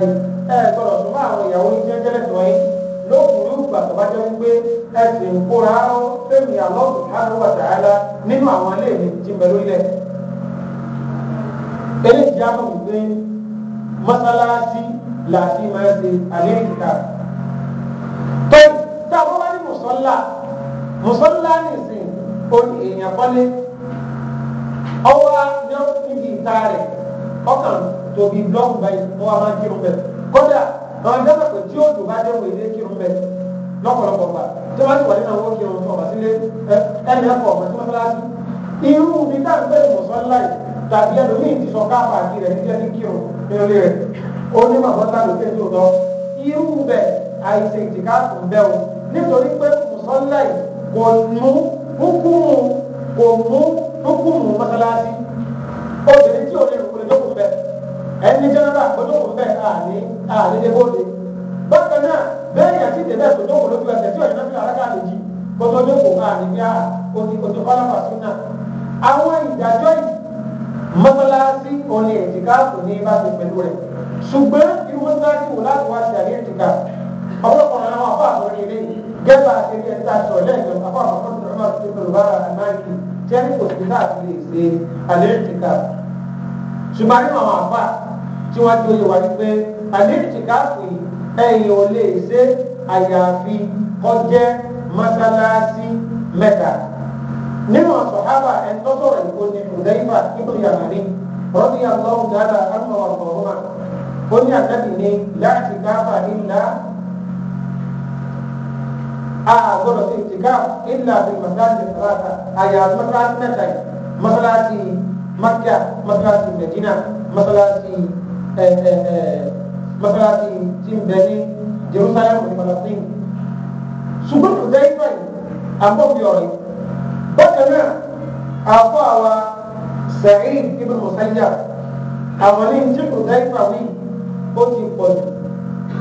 ni ẹ gbọ́dọ̀ tó máa àwọn ìyàwó yín jẹ́jẹ́ lẹ́tọ̀ọ́ yín lókùnrin ìgbà tó bá jẹ́ wípé ẹ sì ń kóra ó fẹ́mi Allah subhanahu wa ta'ala nínú àwọn ilé mi ti ń bẹ lórílẹ̀. eléyìí á mọ̀ wípé mọ́sálásí làásì máa ṣe àlẹ́ ìkà. tóyì tá a bá wá ní mùsọ́lá mùsọ́lá nìsín ó ní èèyàn kọ́lé ọwọ́ á ní níbi ìta rẹ̀ ọkàn tóbi blọọkù báyìí wọn a máa kírun bẹ kódà àwọn ìjọba pé tí òjò bá déwò ilé kírun bẹ lọ́pọ̀lọpọ̀ gbà tí wọn ti wà nínú àwọn kírun tó ọba sílé ẹnì ẹ̀kọ́ ọmọ tí wọn fẹlẹ sí irú mi tá à ń bẹ̀rẹ̀ mọ̀sánlá yìí tàbí ẹlòmíì ti sọ káfà kí rẹ̀ níjẹ́ ní kírun nínú ilé rẹ̀ ó ní màmọ́tà lókè tó tọ́ irú bẹ̀ àìsè ìtìkáàtù ń bẹ́ o nítorí pé mọ̀sánlá yìí kò mú hukumu kò mú hukumu mọ́sálásí obìnrin tí ò lè rò kò lè jókòó bẹ́ẹ̀ ẹni jẹ́nàbà kò jókòó bẹ́ẹ̀ àní àní lè bóde bákan náà bẹ́ẹ̀ yà ti dé bẹ́ẹ̀ kò jókòó lójú ẹsẹ̀ tí ọ̀yìn náà fi alága lè jí kò tó jókòó àní bí a òní kò tó kọ́lápà sí náà àwọn ìdájọ́ yìí mọ́tọ́láṣí òní ìtìkáàfù ní bá ti pẹ̀lú rẹ̀ ṣùgbọ́n irú mọ́tọ́láṣí wò láti wá ṣe àlẹ́ ìtìkáàfù ọ̀pọ̀lọpọ̀ àwọn àfọ àtọ́rí ilé gẹ́gbà àti ilé ẹ̀ta jẹ́ ní kò sí láti lè ṣe àlẹ́rìndìkà ṣùgbọ́n nínú àwọn àfà tí wọ́n ti oyè wá ní pé àlẹ́rìndìkà fi ẹ̀yìn ò lè ṣe àyàfi kọjẹ́ mọ́sálásí mẹ́ta nínú sàhábà ẹni tó sọ̀rọ̀ ìkó ni Hudayfa ibn Yamani radiyallahu ta'ala anhu ọ̀rọ̀ ọ̀rọ̀ ó ní àtẹ́bí ní láti káfà illa a gbọ́dọ̀ sí ìtìkáf ilà bí masalasi salata àyà masalasi mẹ́ta yìí masalasi makka masalasi medina masalasi ẹ eh, ẹ eh, ẹ eh, masalasi tí ń bẹ ní jerusalem ní palestine ṣùgbọ́n kò dé ibà yìí àbọ̀bí ọ̀rẹ́ bákan náà àbọ̀ àwa sa'id ibn musayyab àwọn ní tí kò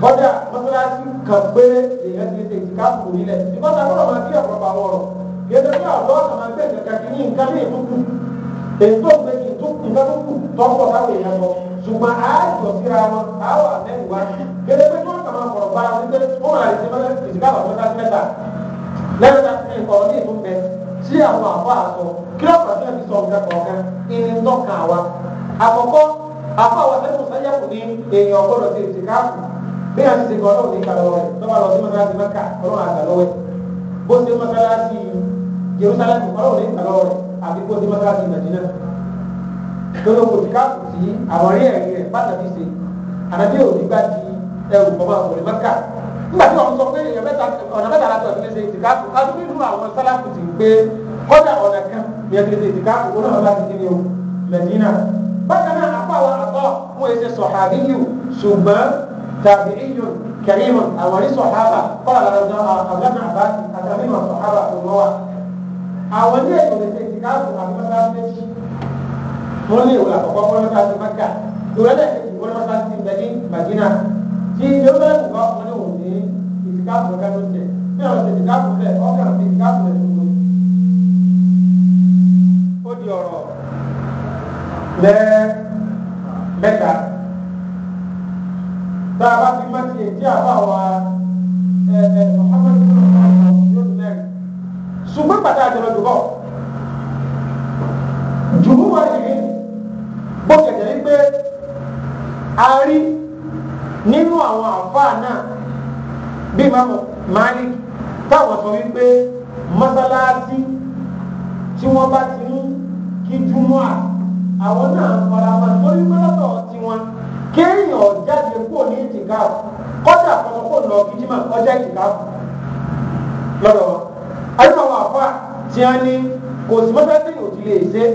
kọ́dà mọ́sálásí kan péré èèyàn ti tètè káàpù nílẹ̀ ìbọn ta lọ́rọ̀ máa bí ọ̀pọ̀lọpọ̀ àwọn ọ̀rọ̀ gẹ́gẹ́ bí àlọ́ kan máa gbé ìkàkà kí ní nǹkan ní ìtúkù ètò ìgbé kí nǹkan tó kù tọ́pọ̀ káwọn èèyàn lọ ṣùgbọ́n àìsàn síra wọn àwọn àmẹ́rin wá gẹ́gẹ́ pé wọ́n kàn máa kọ̀rọ̀ bá wọn pé wọ́n máa lè ṣe mọ́ ìdíkà àwọn mọ́sálásí mẹ́ta lẹ́yìn láti ní nǹkan ní ìtúkù sí àwọn àbọ̀ àṣọ bẹ́ẹ̀ àti ṣe kọ́ ọlọ́run ní kàlọ́ rẹ̀ tọ́ba lọ sí mọ́sálásí mẹ́kà ọlọ́run àgbàlọ́ rẹ̀ bó ṣe mọ́sálásí Jerusalem ọlọ́run ní kàlọ́ rẹ̀ àti bó ṣe mọ́sálásí Madina lọ́dọ̀ kò sí káàpù sí àwọn rí ẹ̀rí rẹ̀ pàtàkì ṣe àdàbí òbí gbá ti ẹrù bọ́mọ àkùnrin mẹ́kà nígbà tí wọ́n sọ pé ọ̀nà mẹ́ta láti ọ̀dún léṣe ìtìkáàpù adúlé nínú àwọn sáláàpù ti pé kọ́dà ọ̀nà kan yẹn ti ṣe ìtìkáàpù ó náà láti kí ni o Madina bákan náà àpá àwọn àtọ́ fún ẹsẹ̀ sọ̀hàbíyù ṣùgbọ́n تابعي كريم أولي صحابة قال أبو بن عباس أتعلم الصحابة الله أولي يقول الاعتكاف أبو بكر wọ́n lè wọ́n àkọ́kọ́ wọ́n lọ́ka sí maka ìwọ́lẹ̀ kejì wọ́n lọ́ka sí bẹ́ẹ̀ni magina tí yóò bá wù wá wọ́n lè wò ní ìdíkàpù ọ̀gá ló tẹ̀ bí àwọn tètè dàpù bẹ̀ ọ̀gá àti ìdíkàpù rẹ̀ tó wọ́n. ó di ọ̀rọ̀ lẹ́ẹ̀ mẹ́ta bá a bá fi má ti ètí àbá wa ẹ ẹ Muhammad bin Abdul yóò di mẹ́rin ṣùgbọ́n pàtàkì àjọyọ̀ dùbọ̀ jùmú wa yìí bó kẹ̀kẹ́ yìí pé a rí nínú àwọn àfáà náà bí mamu Malik táwọn sọ wípé mọ́sálásí tí wọ́n bá ti ń kí jùmọ̀ àwọn náà fara mọ́ lórí pẹ́lọ́tọ̀ tiwọn kéèyàn jáde kó ní ìtìká kọjá àkọsọ kó lọ kìjìmá ọjà ìtìká lọ́dọ̀ wọn àyùn àwọn àfa tí a ní kò sí mọ́tò tí yóò ti lè ṣe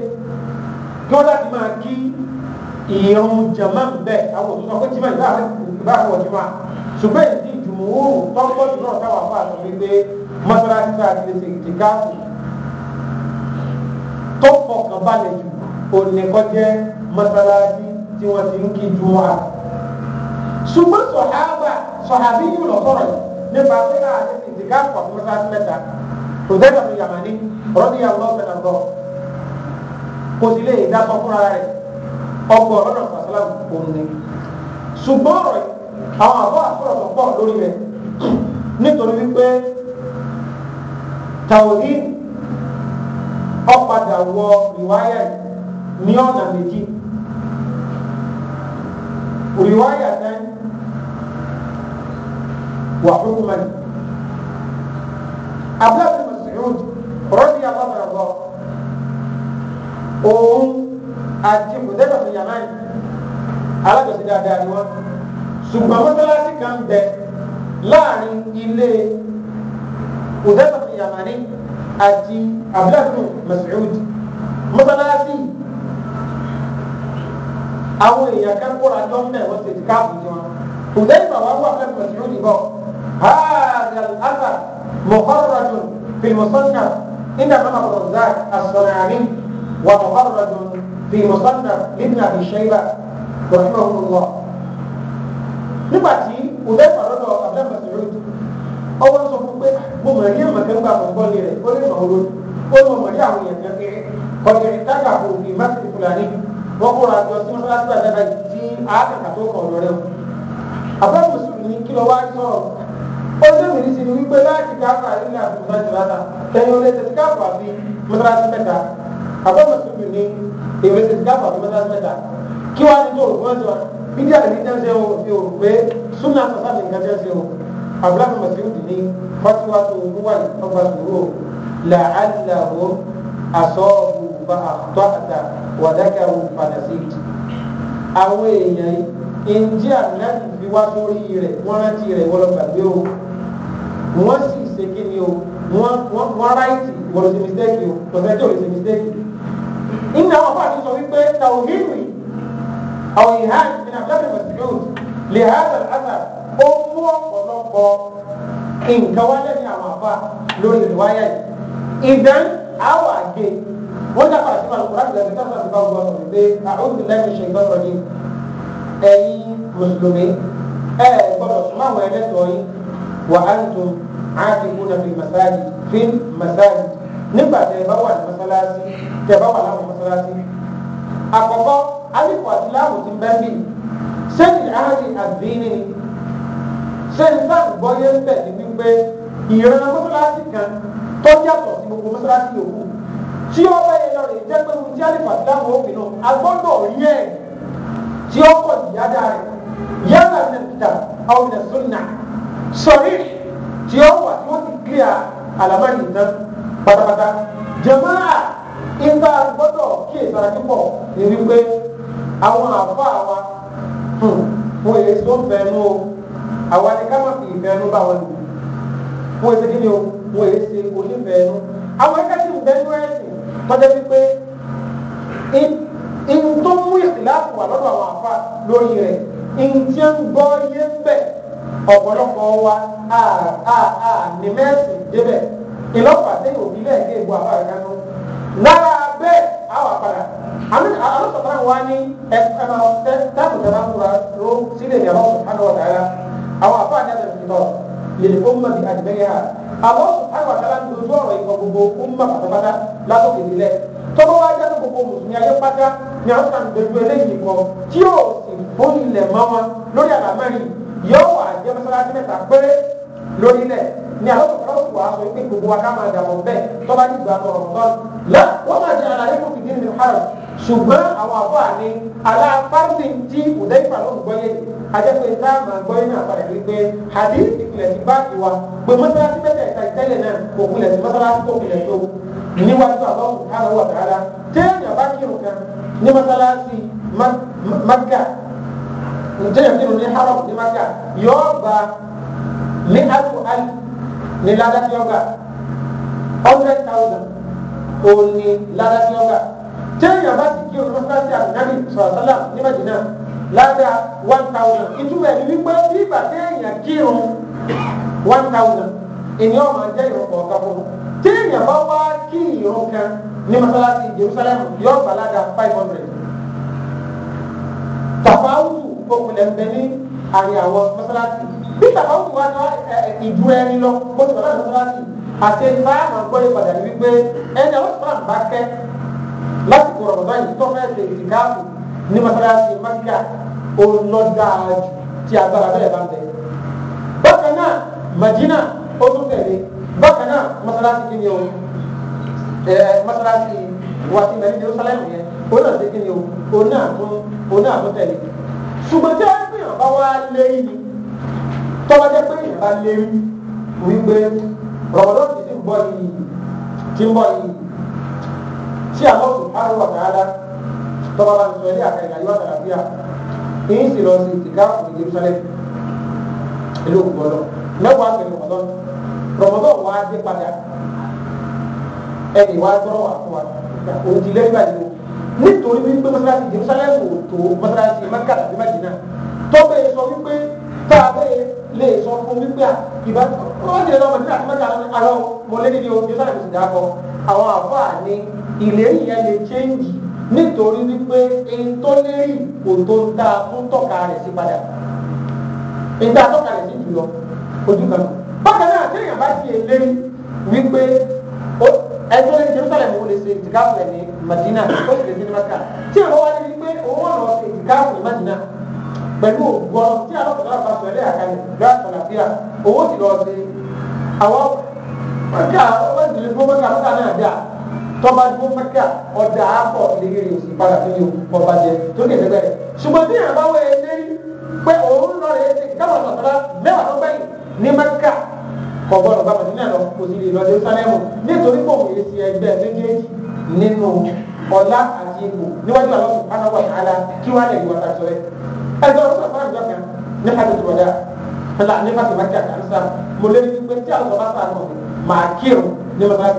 kí wọ́n láti máa kí ìrun jama ń bẹ àwọn òṣìṣẹ́ ọkọ̀ jìmá ìbá àwọn ìbá àwọn jìmá ṣùgbọ́n ìdí ìjùmọ̀ òòrùn tọ́pọ̀ jù náà táwọn àfa àtọ̀ wípé mọ́sálásí tá a ti lè ṣe ìtìká tó fọkàn balẹ̀ jù òní kọjẹ́ mọ́sálásí tí wọ́n ti ń kí ju wa. ṣùgbọ́n sọ̀hábà sọ̀hábí yìí lọ sọ̀rọ̀ yìí nípa pé àti ìdìgá pọ̀ fún mọ́tàlásí mẹ́ta kò dẹ́gbà tó yàmà ní rọ́bì yàrá lọ́sẹ̀ náà lọ. kò sí lè dá sọ fúnra rẹ̀ ọkọ̀ ọ̀rọ̀ sàlám òun ni. ṣùgbọ́n ọ̀rọ̀ àwọn àbọ̀ àkúrọ̀sọ̀ pọ̀ lórí rẹ̀ nítorí wípé tàwọ̀dí ọ̀padà wọ ìwáyà ní ọ̀nà méjì. رواية وحكما عبد الله بن مسعود رضي الله عنه òun àti mùdẹ́bà ní yamani alájọsí dáadáa ni wọ́n ṣùgbọ́n mọ́tálásí kan ń bẹ láàrin ilé mùdẹ́bà ní yamani àti abdullah bin mas'ud mọ́tálásí àwọn èèyàn kan kóra jọ mẹ wọn ti ká àbújọ ọdẹ ìbàwá wà fẹẹ pẹ̀lú ìlú ìbọ hàdà àgbà mọkànlélọ́dún fìmọ̀sánná nígbà mọ́mọ́ kọ̀ọ̀dá àsọ̀nàmí wà mọkànlélọ́dún fìmọ̀sánná nígbà ìṣẹ́yìnbá rọ̀ṣọ́ òkúrọ̀ nígbà tí ọdẹ ìbàlọ́dọ̀ àbẹ́ pẹ̀lú ọwọ́ sọ fún pé mo mọ̀ ní ẹ̀mọ̀ kẹ́ńgbà bọ́kú àjọ tí wọ́n bá gbà dáadáa tí àákàkà tó kọ̀ lọ́rẹ́ o. àbá mùsùlùmí kí lọ wá sọ̀rọ̀ ó lé mìíràn sí ni wípé láti káfà nílẹ̀ àbùkù láti rárá ẹ̀yin olè tètè káfà àbí mọ́tàlásí mẹ́ta àbá mùsùlùmí ni èmi tètè káfà àbí mọ́tàlásí mẹ́ta kí wàá ní tó o fún ẹ̀sọ́ ìdí àlè ní o ti o pé súnmọ́ àtọ́sá mi nǹkan tẹ́sẹ̀ o àbúrò àti mùsùlùmí ni fọ́tíwá tó wúwà فأخطأت وذكروا فنسيت àwọn èèyàn yìí njẹ́ ànábì fi wá sórí rẹ̀ wọ́n rántí rẹ̀ wọ́n lọ gbàgbé o wọ́n sì ṣe kí ni o wọ́n wọ́n ráìtì wọ́n lọ ṣe mistake o lọ́sẹ̀ tí ò lè ṣe mistake. ìnà àwọn afáàní sọ wípé tàwíìrì àwọn ìhàn ìpínlẹ̀ abdulhamid masjid lè ha àtàlẹ́ àtà ó mú ọ̀pọ̀lọpọ̀ nǹkan wálé ní àwọn afá lórí ìwáyà yìí ìdán wọ́n dàpọ̀ àti màlúù kúrò àgbẹ̀ tó fà fà wọ́n sọ̀rọ̀ pé àwọn ìlànà ìṣèjọba rọ̀ ni ẹ̀yin mùsùlùmí ẹ̀ gbọ́dọ̀ súnmọ́ àwọn ẹlẹ́tọ̀ọ́ yín wà á ń tu àtìkú na fi màsáàjì fi màsáàjì nígbà tẹ̀ bá wà ní mọ́sálásí tẹ̀ bá wà láwọn mọ́sálásí. àkọ́kọ́ alifọ̀ àti láàmù ti bẹ́ẹ̀ bì sẹ́yìn áhàdì àdínì sẹ́yìn sáà gbọ́ yẹn bẹ̀ ní wípé ìran mọ́sálásí kan tó yàtọ̀ sí gbogbo mọ́sálásí yòókù tí ó bá yẹ lọ rè jẹ́ pé ohun tí àlìfà sílámù òfin náà a gbọ́dọ̀ rí ẹ̀ tí ó pọ̀ sí yáda rẹ̀ yálà ní ìta àwọn ìlẹ̀ sunna sọ̀rí tí ó wà tí wọ́n ti kílíà àlàmáyé náà pátápátá jàmáà ìta gbọ́dọ̀ kí ìsara púpọ̀ ní wípé àwọn àfa wa hmm, wọ́n èyí tó ń o àwa ni ká má fi ìfẹnu bá wọn lò wọ́n èyí tó kí ni o wọ́n èyí ṣe tọ́jọ́ wípé in tó mú ìkìláàfù wà lọ́dọ̀ àwọn àfa lórí rẹ̀ in tí ń gbọ́ yé bẹ̀ ọ̀pọ̀lọpọ̀ wa a a a ní mẹ́sì débẹ̀ ìlọ́pàá sẹ́yìn òbí bẹ́ẹ̀ gé ìbò àfa rẹ̀ kánú lára bẹ́ẹ̀ àwọn àpàdà alọ́sọ̀tà wa ní ẹ̀ka táàbù tẹ̀lá múra ló sílẹ̀ ìyàwó sọ̀tà náà wà dára àwọn àfa àti àtẹ̀lẹ̀ àmọ́ sùpáìwà kálá ní ojú ọ̀rọ̀ ìkọ̀ gbogbo ọmọ pátápátá látòkè nílẹ̀ tọ́wọ́ wá jẹ́ gbogbo mùsùlùmí ayé pátá ni àwọn kan dojú eléyìí kọ tí yóò sì fún ilẹ̀ mọ́ wọn lórí àlámẹ́rin yóò wà jẹ́ mọ́sálásí mẹ́ta péré lórí lẹ̀ ní àwọn ọ̀pọ̀lọpọ̀ wà sọ pé gbogbo wa ká máa dàbọ̀ bẹ́ẹ̀ tó bá dìgbà lọ ọ̀rọ̀ lọ wọ́n máa jẹ àlàyé fún fìdí nínú hàrọ̀ ṣùgbọ́n àwọn àbọ̀ àní aláfáàsì tí ìdẹ́ ìfàlọ́ ń gbọ́yé ajẹ́pẹ́ tá a máa gbọ́yé náà padà rí pé àdí ìpìlẹ̀ ti bá ti wa pé mọ́sálásí mẹ́tẹ̀ẹ̀ta ìtẹ́lẹ̀ náà kò kulẹ̀ sí mọ́sálásí tó kulẹ̀ tó níwájú àbọ̀ àbọ̀ wà dáadáa téèyàn bá kírun kan ní mọ́sálásí Mákà téèyàn kírun ní hàrọ̀ ní Mákà yọ̀ọ́ gba min hafu al ni lada yoga hundred thousand o ni lada ti yoga téèyàn bá ti kí olùkọ́ sáà ti àbínábì sọ̀rọ̀ sọ́lá ní Madina lada one thousand ìtumọ̀ ẹni wípé bí ìgbà téèyàn kírun one thousand ènìyàn ọmọ jẹ́ ìrọ̀pọ̀ ọ̀gá fún un téèyàn bá wá kí ìrun kan ní masalasi Jerusalem yóò gbà lada five hundred tàfáwù okùnlẹ̀ ń bẹ ní àárín àwọn bí bàbá òkú wa sọ ìdú ẹni lọ bó ti bàbá àdúgbò láti àti ẹni bá àwọn gbọ́ yìí padà wípé ẹni àwọn tó bá ń kẹ́ lásìkò rọ̀bọ̀dá yìí tó fẹ́ ṣe ìdíkàbù ní masalasi maka olọ́dàájú tí agbára bẹ́ẹ̀ bá ń bẹ. bákan náà madina ó tún tẹ̀lé bákan náà masalasi kí ni o masalasi wàtí mẹ́rin jerusalem yẹn ó náà ṣe kí ni o ó náà tún tẹ̀lé. ṣùgbọ́n tí wọ́n bá wá lé yìí tọ́wọ́ jẹ́ pé ìbá lérí wípé rọ̀bọ̀dọ́ ti ti ń bọ̀ yìí ti ń bọ̀ yìí tí àwọn sùpárù wà dáadáa tọ́wọ́ bá ń sọ ilé àkàrà ìdájọ́ àtàlàfíà èyí sì lọ sí ìtìká òfin Jerusalem ìlú òkúbọ̀lọ́ mẹ́wàá pẹ̀lú rọ̀bọ̀dọ́ rọ̀bọ̀dọ́ wà á dé padà ẹnì wá tọ́rọ̀ wà fún wa òun ti lẹ́yìn báyìí o nítorí wípé mọ́sálásí Jerusalem ò tó mọ́sálásí Mẹ́kà àti Mẹ́dínà tọ́bẹ̀ sọ wípé tá a bẹ́ẹ̀ lè sọ fún wípé à ìbá wọ́n ti lè lọ́mọ sí àtúmọ̀tà àlọ́ mọ̀lẹ́ni ni ojú sáà ti dàpọ̀ àwọn àfáà ni ìlérí yẹn lè chéǹjì nítorí wípé ẹni tó lérí kò tó ń dáa fún tọ́ka rẹ̀ sí padà ẹni tá a tọ́ka rẹ̀ sí jùlọ ojú kan bákan náà tí èèyàn bá ti lérí wípé ẹjọ́ lè Jerusalem wò lè ṣe ìtìkáfù ẹ̀ ní Madina ó sì lè ṣe ní Maka tí àwọn wá ní wípé òun wà lọ ṣe ìtìkáfù ní Madina pẹ̀lú ògbọ́ tí a lọ́kọ̀ọ́ láti sọ ilé àkàlẹ̀ ìgbà àtàlàfíà owó ti lọ sí àwọn mẹ́kà ọwọ́ ìdílé fún mẹ́kà mẹ́kà náà dà tọ́ba dúró mẹ́kà ọ̀dà àpọ̀ ìdílé rẹ̀ òsì padà sí ní ọba jẹ tó ní ìdẹ́gbẹ́ rẹ̀ ṣùgbọ́n tí ìyàrá wọ ilé pé òun lọ rẹ̀ ti káwọn sọ̀tara mẹ́wàá tó gbẹ̀yìn ní mẹ́kà kọ̀bọ̀rọ̀ bá màdínà lọ kò sì lè lọ Jerúsálẹ́mù nítorí pé òun èsì ẹgbẹ́ méjèèjì nínú àti ipò níwájú àwọn sùpánà wà ní àlá kí wàá lè yọ ọ̀tà sọ̀rẹ́ ẹgbẹ́ wọn sọ̀rọ̀ fún àjọ kan ní hajj wọlé fúnla ní fásitì mákì àti àrísà mo lé ní pé tí àwọn sọ̀rọ̀ bá sàánù màá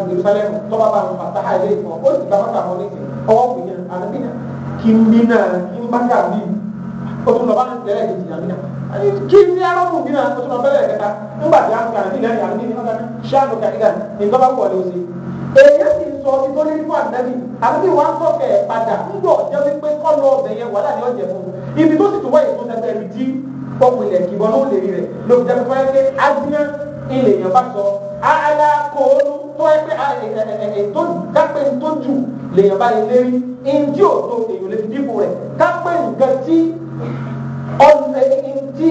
Jerusalem lọ́ba bá mi fàtà àìlè ìfọ̀ ó sì gbàgbọ́ kà mọ́ ní ìsìn ọwọ́ kù yẹn àlùbíyà kí n bí náà kí n bá kà bí o tún lọ bá ń tẹ̀lé kejì àlùbíyà kí n ní arákùnrin bí náà o tún lọ bẹ́ẹ̀ kẹta nígbà tí a ń kà ní ìlànà àlùbíyà ní ọ̀gá ní ṣáà ló kà èyí sì ń sọ ibi tó ní fún ànábì àbí wà á sọ̀kẹ̀ padà nígbà ọ̀jẹ́ wípé kọ́nù ọ̀bẹ yẹn wàhálà ni ọ̀jẹ̀ fún ibi tó sì tún wáyé tó sẹsẹ ibi tí pọ́pù ilẹ̀ kì ló lè rí rẹ̀ ló fi jẹ́ pé pé adúlá ilẹ̀ yẹn bá sọ àlà kòónú tó yẹ pé tó dápẹ́ tó jù lèyàn bá lè lérí ìdí òdo èèyàn lè fi dípò rẹ̀ dápẹ́ nǹkan tí ọ̀nà tí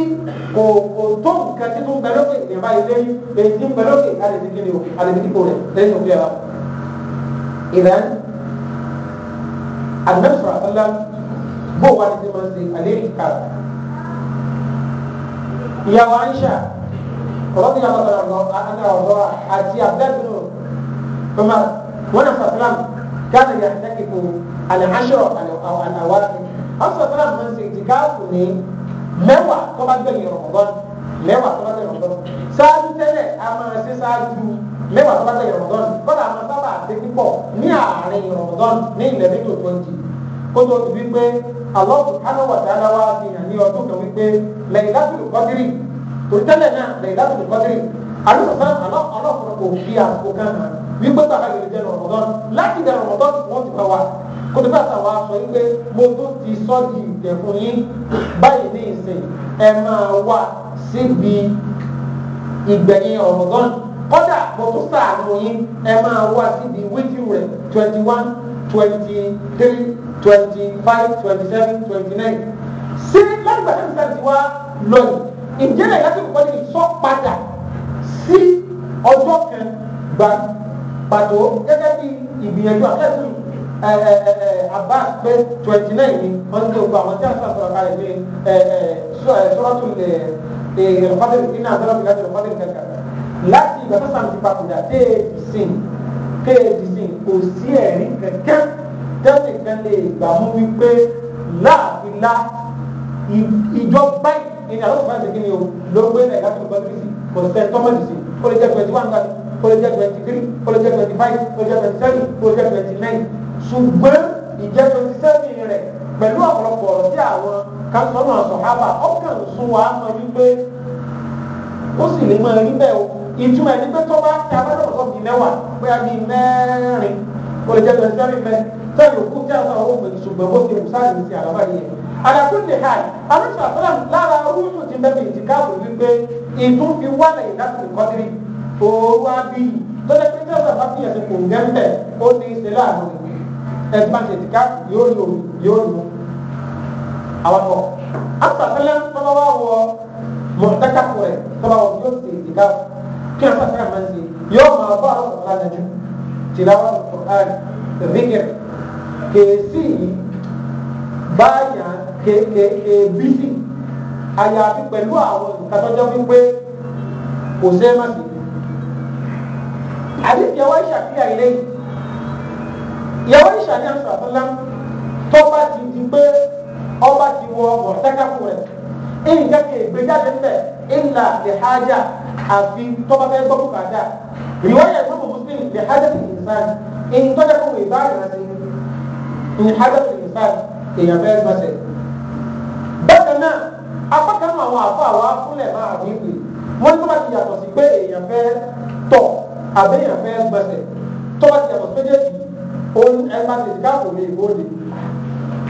kò kò tó nǹkan tí tó ń bẹ lókè ìyàbá ilé èyí tí ń bẹ lókè alèsí kí ni o alèsí kíkó rẹ lẹ́yìn òkè wa. ìlànà àdìmẹ́sọ̀rọ̀ àbálá bó wà ní ti máa ṣe àlẹ́ ìka. ìyàwó Aisha ọlọ́dún yàrá ọ̀dọ́ ọ̀dọ́ àti abdul umar wọn náà sàlám كان يعتكف العشرة أو الأواخر أصلا طلب من اعتكاف ليه؟ موا tó bá gbẹ̀yìn Ramadan mẹ́wàá tó bá gbẹ̀yìn Ramadan ṣáájú tẹ́lẹ̀ a máa ṣe ṣáájú mẹ́wàá tó bá gbẹ̀yìn Ramadan kọ́dà a máa sábà ṣe pípọ̀ ní àárín Ramadan ní ilẹ̀ mẹ́tò twenty kó tó ti wípé Allah subhanahu wa ta'ala wá sí ìhàn ní ọdún kan wípé Laylatul Qadri torí tẹ́lẹ̀ náà Laylatul Qadri alùpàá ọlọ́ọ̀fọ̀rọ̀ kò fi àsìkò kan hàn wípé bàbá yìí jẹ́ Ramadan láti kòtòkà sàwọn aṣọ yìí pé mo tó ti sọ di ìtẹ̀ fún yín báyìí ní ìsìn ẹ máa wá síbi ìgbẹ̀yìn ọ̀rọ̀gán kọ́dà mo tó sàánú yín ẹ máa wá síbi wíjú rẹ̀ twenty one twenty three twenty five twenty seven twenty nine ṣé láti gbàdúrà nígbà tí wàá lọ yìí ǹjẹ́ náà yàtọ̀ kọ́kọ́ ní ìsọ padà sí ọjọ́ kan gbà pàtó gẹ́gẹ́ bí ìgbìyànjú akẹ́kọ̀ọ́ ẹ eh, eh, eh, pé twenty nine ni wọ́n ń gbogbo àwọn tí a sọ̀rọ̀ sọ̀rọ̀ kalẹ̀ pé ẹ ẹ sọ́ọ́tù ẹ ẹ ìrọ̀fọ́dé iná àtọ́lá mi kankan láti ìgbà sọ́sàn ti papòdà téèdì sìn téèdì sìn kò sí ẹ̀rí kankan tẹ́sí kan lè gbà mú wípé láàfin lá ìjọ báyìí ìní àwọn òfin àti kíni o ló gbé náà láti ìgbà tó sì kò sẹ́ tọ́mọ̀tì sí ó lè jẹ́ twenty one gbàdúrà lè jẹ́ twenty three ó lè jẹ́ twenty five ó lè jẹ́ twenty seven ó lè jẹ́ twenty nine ṣùgbọ́n ìjẹ́ twenty seven rẹ̀ pẹ̀lú ọ̀pọ̀lọpọ̀ ọ̀rọ̀ sí àwọn kásánù àsọ̀hábà ọ̀kàn sún wa mọ wípé ó sì lè máa rí bẹ́ẹ̀ o ìtumọ̀ ẹni pé tó bá ti abẹ́rẹ́ ọ̀sán bíi mẹ́wàá pé a bíi mẹ́rin ó lè jẹ́ twenty seven mẹ́ sẹ́yìn òkú tí a sọ àwọn òmìnir ṣùgbọ́n bó ti wù sáà lè ti àlàbà yẹn àdàkùn lè ha àlùsọ àfọlá lára rúùtù ti bẹ́ẹ̀ bìí ti káàbù wípé ìtún fi wà lẹ́yìn láti kọ́tírì òru abiyì tó lè pé tí a sọ àbá fi ẹ̀sìn kò ń gẹ́ ń bẹ̀ ó ní ìṣẹ̀lẹ̀ àná ẹtí máa ń tètè ká yóò lò yóò lò àwọn bọ̀. àtàtàlẹ́ tọ́ba wà wọ mọ̀tàkàfù rẹ̀ tọ́ba wọ yóò ṣe tètè ká kí ẹ̀ sàtẹ́ àmà ṣe yóò máa bọ́ àwọn ọ̀rọ̀ àdájú tìláwà ọ̀rọ̀ ríkẹ̀ kèésì báyà kèébísì àyàfi pẹ̀lú àwọn ìkàtọ́jọ́ wípé kò sẹ́ẹ̀ má sí. àdìsí ẹwà ìṣàfihàn ilé yìí ìyàwó ìṣàní àṣà àtàlá tó bá ti di pé ọba ti wọ ọgbọ̀n sẹ́kàfù rẹ̀ nǹkan kì í gbé jáde ńbẹ̀ ìlà lèhájà àfi tó bá fẹ́ gbọ́kù kàdá ìwọ́yẹ̀ tó bùbù sí lèhájà ti nìsan èyí tó dẹ́kun ìbá ìrántí lèhájà ti nìsan èèyàn fẹ́ gbọ́sẹ̀. bákan náà apá kan nù àwọn àfọ àwọn afúnlẹ̀ máa wí pé wọ́n tó bá ti yàtọ̀ sí pé èèyàn fẹ́ tọ̀ àbẹ́yàn fẹ́ gbọ́sẹ̀ tó bá ti yàtọ̀ sí méjèèjì òun ẹ máa tètè káàpù mi ìbò òde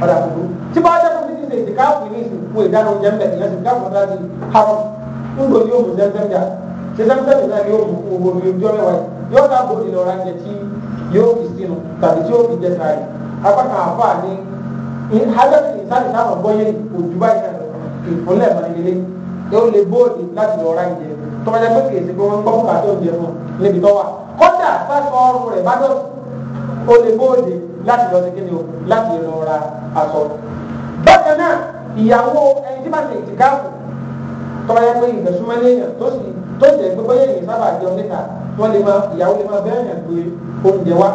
ọ̀dà kúkú tí bá dẹ́kun títí tètè káàpù mi ìsìnkú ìdáná oúnjẹ mbẹ ìyẹn tètè káàpù náà ti harọ ńgbò ní òmù zẹmzẹm dà ṣe zẹmzẹm náà ní òmù òmù mi ojú ọ̀rẹ́ wáyé yóò ká bò ní lọ́ra jẹ tí yóò fi sínú tàbí tí yóò fi jẹ sáré apá kan àfa ní hajjati ìsáàlì sáà mọ̀ bọ́yé òjú báyìí náà ìfúnlẹ̀ mọ̀lẹ́lẹ́ yóò lè bóòdì láti lọ́ra jẹ tọ́mọdé pé kèsì pé wọ́n ń gbọ́ fún kàtó oúnjẹ fún un níbi tọ́wà kọ́dà bá sọ ọrùn rẹ̀ ó lè bóde láti lọ sí kíni o láti lọ ra aṣọ. bákan náà ìyàwó ẹni tí bá ti ti káàbù pé ìgbésùnmọ́ léèyàn tó sì tó jẹ́ pé bóyá èyí sábà jẹun níta wọ́n lè máa ìyàwó lè máa bẹ́ẹ̀ yàn pé oúnjẹ wa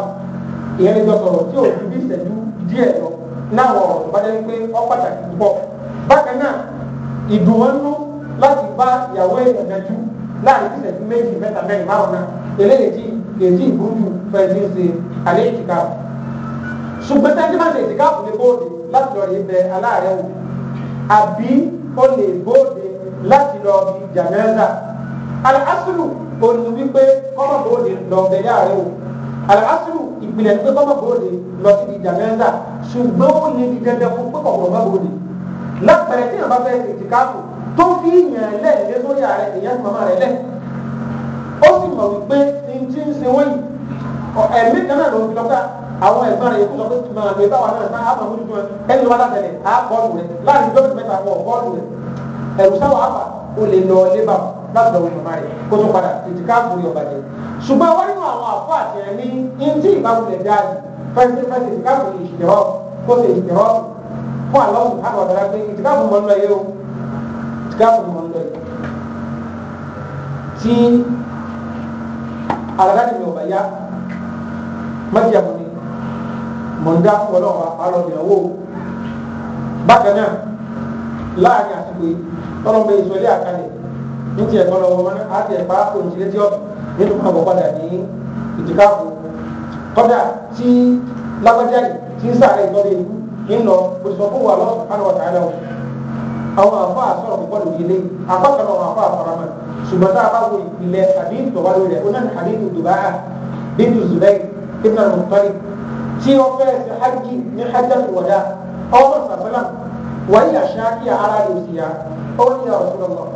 ìyẹn lè sọ̀rọ̀ tí ò ju bí ìṣẹ́jú díẹ̀ lọ láwọn ọ̀rọ̀ tó bá jẹ́ pé ó pàtàkì púpọ̀ bákan náà ìdùnnú láti bá ìyàwó èèyàn yanjú láàrin kèjì ìbúrú fẹ̀ntì ṣe alẹ́ ìtìká ṣùgbọ́n sẹ́ńtì máa ṣe ìtìká kò lè bóde láti lọ rí bẹ aláàárẹ̀ wò àbí ó lè bóde láti lọ bí jàmẹ́sà alẹ́ asúlù òní wípé kọ́mọ̀ bóde lọ bẹ aláàárẹ̀ wò alẹ́ asúlù ìpìlẹ̀ wípé kọ́mọ̀ bóde lọ sí di jàmẹ́sà ṣùgbọ́n ó lè di dandan fún pé kọ̀ọ̀kan bá bóde lápẹ̀rẹ̀ tí yàrá bá fẹ́ ṣe ìtìká kò tó fi yàn lẹ́ẹ̀lẹ́ sórí ààrẹ ìyẹn ó sì mọ̀ wípé ní tí ń ṣe wọ́n yìí ẹ̀mí kan náà ló fi lọ́gbà àwọn ẹ̀gbọ́n rẹ̀ kó sọ pé lè bá wa náà sáà àmọ́ ojú wọn ẹni wà láti ẹ̀ á bọ́ọ̀lù rẹ̀ láàrin ìjọba ìgbà mẹ́ta wọ̀ bọ́ọ̀lù rẹ̀ ẹ̀rù sáwọ̀ àbà ó lè lọ lébà láti lọ wọ̀nyọ̀má rẹ̀ kó tó padà ìdíkà àbúrò ọba jẹ ṣùgbọ́n wọ́n nínú àwọn àfọ àti ẹ̀mí ntí ìbáwulẹ̀ dáàbì fẹ́ẹ́ fẹ́ẹ́ alagani mi ò bá yá májàmú ni mò ń dá fún ọlọ́run àpárọ̀ ìyàwó bákan náà láàrin àsìkò yìí tọ́lọ́mọ ìsọ̀lẹ̀ àkàlẹ̀ ní tiẹ̀ tọ́lọ́ wọn mọ́ná àti ẹ̀pá òǹtìlẹ̀ tí ọ̀tún nínú máa bọ̀ padà ní ìdíkàfọ̀ kọ́dà tí lágbájá yìí tí ń sàárẹ̀ ìtọ́lẹ̀ ìlú ń lọ òṣìṣọ́ fún wa lọ́sùn kánú ọ̀tá náà àwọn àfọ àsọ̀rọ̀ púpọ̀ lórí ilé àpá kan náà àwọn àfọ àfaramọ́ ṣùgbọ́n tá a bá wo ìpìlẹ̀ hadith tó wá lórí rẹ̀ ó náà ní hadith dubaa bintu zubair ibn al-muttalib tí ó fẹ́ ṣe hajj ní hajjatul wada ọmọ sàfẹ́làn wàyí àṣàkí ara yóò sì yá ó ní ya Rasulullah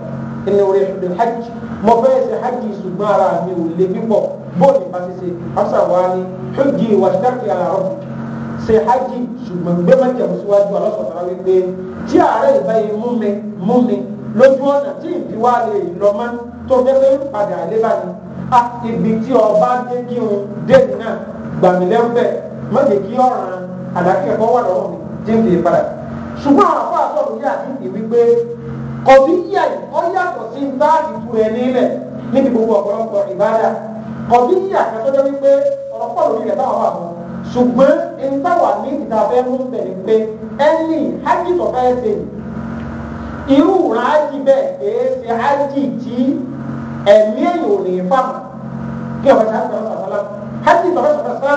inú orí ìṣòdì hajj mo fẹ́ ṣe hajj ṣùgbọ́n ara mi ò lè pípọ̀ bóòlù bá ṣe ṣe hafsa wa ni hajj wa ṣàkí ara rọ̀ ṣe hajj ṣùgbọ́n gbẹ́mọ̀jẹ̀ mú síwájú alọ́sọ̀tàrà wípé tí ààrẹ ìbáyé mú mi mú mi lójú ọ̀nà tí ìdíwá lè lọ mọ́ tó jẹ́ pé padà àlébà ni a ibi tí ọba dé kí n dé ní náà gbàmí lẹ́rú bẹ́ẹ̀ má lè kí ọ̀ràn àdákẹ́ kọ́ wà lọ́wọ́ mi tí n lè padà. ṣùgbọ́n àwọn afọ àtọ̀rọ̀ yà ní ìwí pé kọ̀bí yíyà yìí ọ yàtọ̀ sí báàgì tu rẹ̀ nílẹ̀ níbi gbogbo ọ̀pọ̀lọpọ̀ ìbádà kọ̀bí yíyà kan tó jẹ́ wípé ọ̀rọ̀ pọ̀ lórí rẹ̀ táwọn wà mọ́ ṣùgbọ́n ìtawà ní ìtafẹ́ mú bẹ̀rẹ̀ pé ẹni hajj tó ṣe yìí irú ràájì bẹ́ẹ̀ kìí ṣe ájì tí ẹ̀mí èèyàn ò ní fáwọn kí ọ̀bẹ sáà sọ̀rọ̀ sàlá ájì bàbá sọ̀rọ̀ sàlá